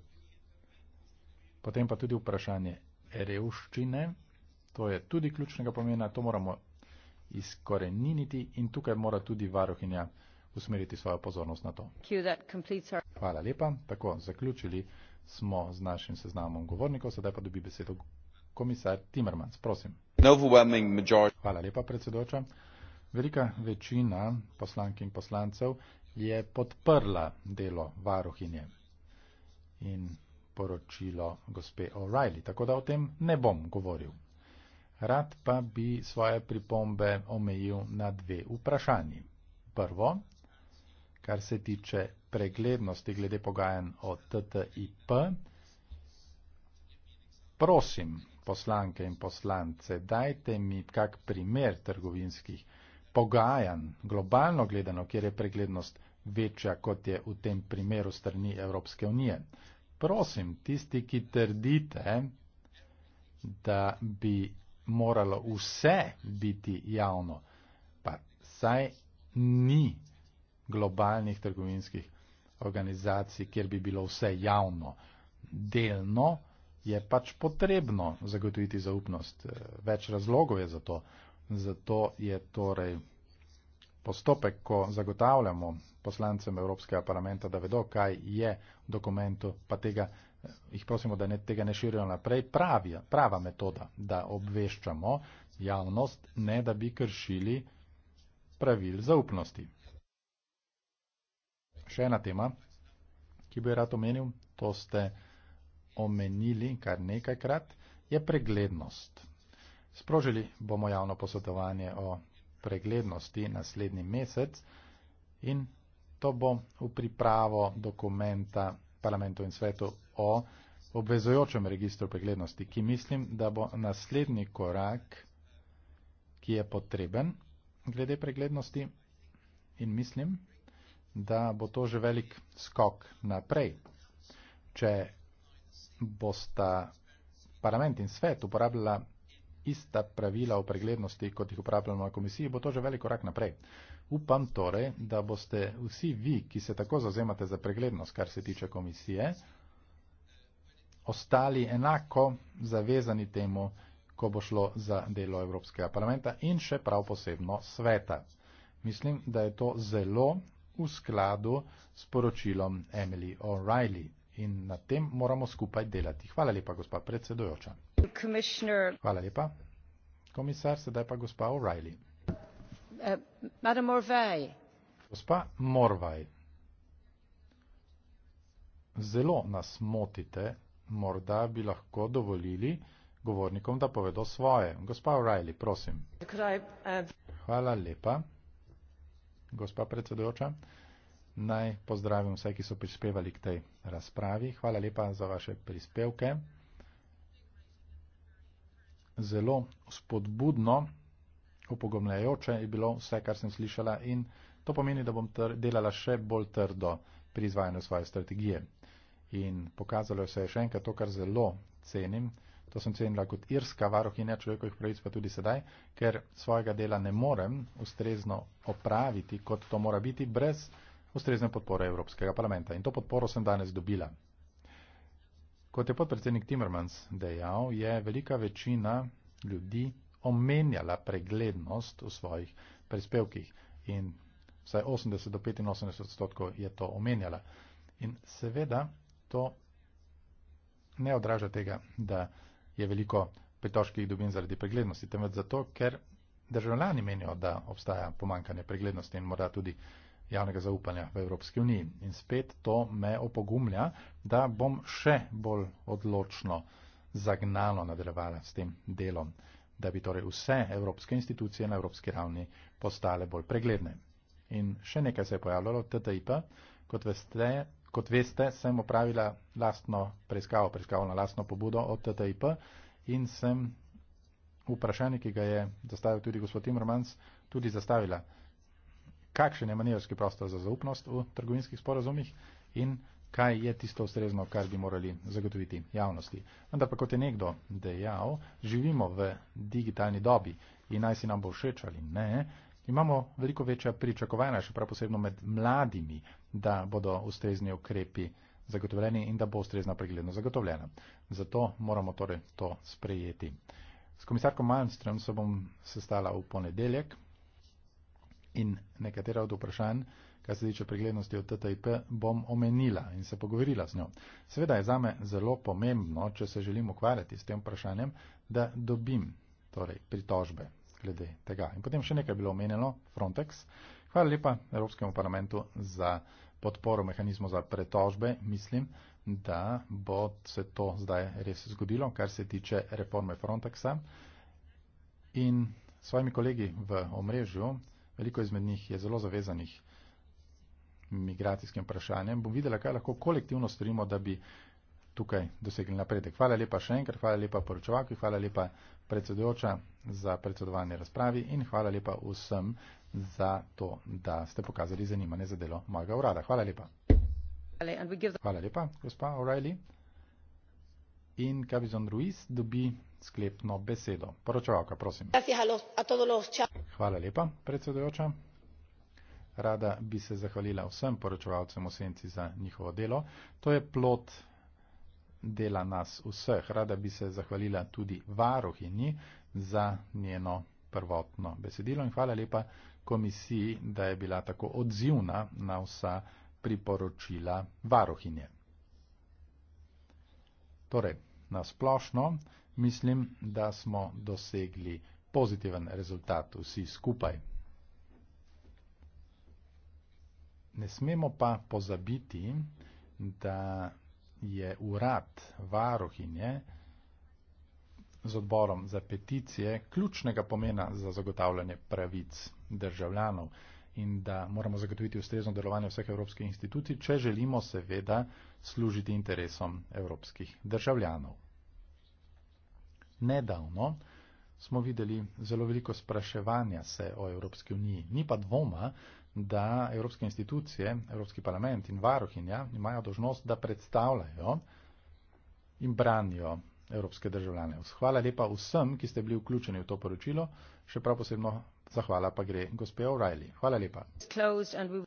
Speaker 1: Potem pa tudi vprašanje revščine, to je tudi ključnega pomena, to moramo izkoreniniti in tukaj mora tudi varuhinja usmeriti svojo pozornost na to. Hvala lepa, tako zaključili smo z našim seznamom govornikov, sedaj pa dobi besedo komisar Timmermans, prosim. Hvala lepa, predsedoča. Velika večina poslank in poslancev je podprla delo varuhinje in poročilo gospe O'Reilly, tako da o tem ne bom govoril. Rad pa bi svoje pripombe omejil na dve vprašanji. Prvo, kar se tiče preglednosti glede pogajanj o TTIP, prosim, poslanke in poslance, dajte mi kak primer trgovinskih pogajanj, globalno gledano, kjer je preglednost večja, kot je v tem primeru strani Evropske unije. Prosim, tisti, ki trdite, da bi moralo vse biti javno, pa saj ni globalnih trgovinskih organizacij, kjer bi bilo vse javno, delno, je pač potrebno zagotoviti zaupnost. Eh, več razlogov je za to. Zato je torej postopek, ko zagotavljamo poslancem Evropskega parlamenta, da vedo, kaj je v dokumentu, pa tega, eh, jih prosimo, da ne, tega ne širijo naprej, pravi, prava metoda, da obveščamo javnost, ne da bi kršili pravil zaupnosti. Še ena tema, ki bi rad omenil, to ste omenili kar nekajkrat, je preglednost. Sprožili bomo javno posvetovanje o preglednosti naslednji mesec in to bo v pripravo dokumenta parlamentu in svetu o obvezojočem registru preglednosti, ki mislim, da bo naslednji korak, ki je potreben glede preglednosti in mislim, da bo to že velik skok naprej. Če bosta parlament in svet uporabljala ista pravila o preglednosti, kot jih uporabljamo na komisiji, bo to že velik korak naprej. Upam torej, da boste vsi vi, ki se tako zazemate za preglednost, kar se tiče komisije, ostali enako zavezani temu, ko bo šlo za delo Evropskega parlamenta in še prav posebno sveta. Mislim, da je to zelo v skladu s poročilom Emily O'Reilly in na tem moramo skupaj delati. Hvala lepa, gospa predsedojoča. Hvala lepa, komisar, sedaj pa gospa O'Reilly.
Speaker 2: Uh,
Speaker 1: gospa Morvaj, zelo nas motite, morda bi lahko dovolili govornikom, da povedo svoje. Gospa O'Reilly, prosim. I, uh... Hvala lepa, gospa predsedojoča. Naj pozdravim vse, ki so prispevali k tej razpravi. Hvala lepa za vaše prispevke. Zelo spodbudno, upogomljajoče je bilo vse, kar sem slišala in to pomeni, da bom delala še bolj trdo pri izvajanju svoje strategije. In pokazalo se je še enkrat to, kar zelo cenim. To sem cenila kot irska varohinja človekovih pravic, pa tudi sedaj, ker svojega dela ne morem ustrezno opraviti, kot to mora biti, brez ustrezne podpore Evropskega parlamenta. In to podporo sem danes dobila. Kot je podpredsednik Timmermans dejal, je velika večina ljudi omenjala preglednost v svojih prispevkih in vsaj 80 do 85 odstotkov je to omenjala. In seveda to ne odraža tega, da je veliko pritoških dobin zaradi preglednosti, temveč zato, ker državljani menijo, da obstaja pomankanje preglednosti in morda tudi javnega zaupanja v Evropski uniji. In spet to me opogumlja, da bom še bolj odločno zagnalo nadaljevala s tem delom, da bi torej vse evropske institucije na evropski ravni postale bolj pregledne. In še nekaj se je pojavljalo, TTIP, kot veste, kot veste sem opravila lastno preiskavo, preiskavo na lastno pobudo od TTIP in sem vprašanje, ki ga je zastavil tudi gospod Timmermans, tudi zastavila kakšen je manjerski prostor za zaupnost v trgovinskih sporazumih in kaj je tisto ustrezno, kar bi morali zagotoviti javnosti. Vendar pa kot je nekdo dejal, živimo v digitalni dobi in naj si nam bo všeč ali ne, imamo veliko večja pričakovanja, še prav posebno med mladimi, da bodo ustrezni ukrepi zagotovljeni in da bo ustrezna pregledno zagotovljena. Zato moramo torej to sprejeti. S komisarko Malmström se bom sestala v ponedeljek in nekatera od vprašanj, kar se tiče preglednosti od TTIP, bom omenila in se pogovorila z njo. Seveda je zame zelo pomembno, če se želim ukvarjati s tem vprašanjem, da dobim torej, pritožbe glede tega. In potem še nekaj bilo omenjeno, Frontex. Hvala lepa Evropskemu parlamentu za podporo mehanizmu za pretožbe. Mislim, da bo se to zdaj res zgodilo, kar se tiče reforme Frontexa. In s svojimi kolegi v omrežju veliko izmed njih je zelo zavezanih migracijskim vprašanjem, bom videla, kaj lahko kolektivno storimo, da bi tukaj dosegli napredek. Hvala lepa še enkrat, hvala lepa poročevalki, hvala lepa predsedujoča za predsedovanje razpravi in hvala lepa vsem za to, da ste pokazali zanimanje za delo mojega urada. Hvala lepa. Hvala lepa, gospa O'Reilly in Kavizon Ruiz dobi sklepno besedo. Poročevalka, prosim. Hvala lepa, predsedojoča. Rada bi se zahvalila vsem poročevalcem v Senci za njihovo delo. To je plot dela nas vseh. Rada bi se zahvalila tudi varuhinji za njeno prvotno besedilo in hvala lepa komisiji, da je bila tako odzivna na vsa priporočila varuhinje. Torej, na splošno, mislim, da smo dosegli pozitiven rezultat vsi skupaj. Ne smemo pa pozabiti, da je urad varuhinje z odborom za peticije ključnega pomena za zagotavljanje pravic državljanov in da moramo zagotoviti ustrezno delovanje vseh evropskih institucij, če želimo seveda služiti interesom evropskih državljanov. Nedavno smo videli zelo veliko spraševanja se o Evropski uniji. Ni pa dvoma, da evropske institucije, Evropski parlament in varohinja imajo dožnost, da predstavljajo in branijo evropske državljane. Hvala lepa vsem, ki ste bili vključeni v to poročilo, še prav posebno Zahvala pa gre gospe O'Reilly. Hvala
Speaker 4: lepa.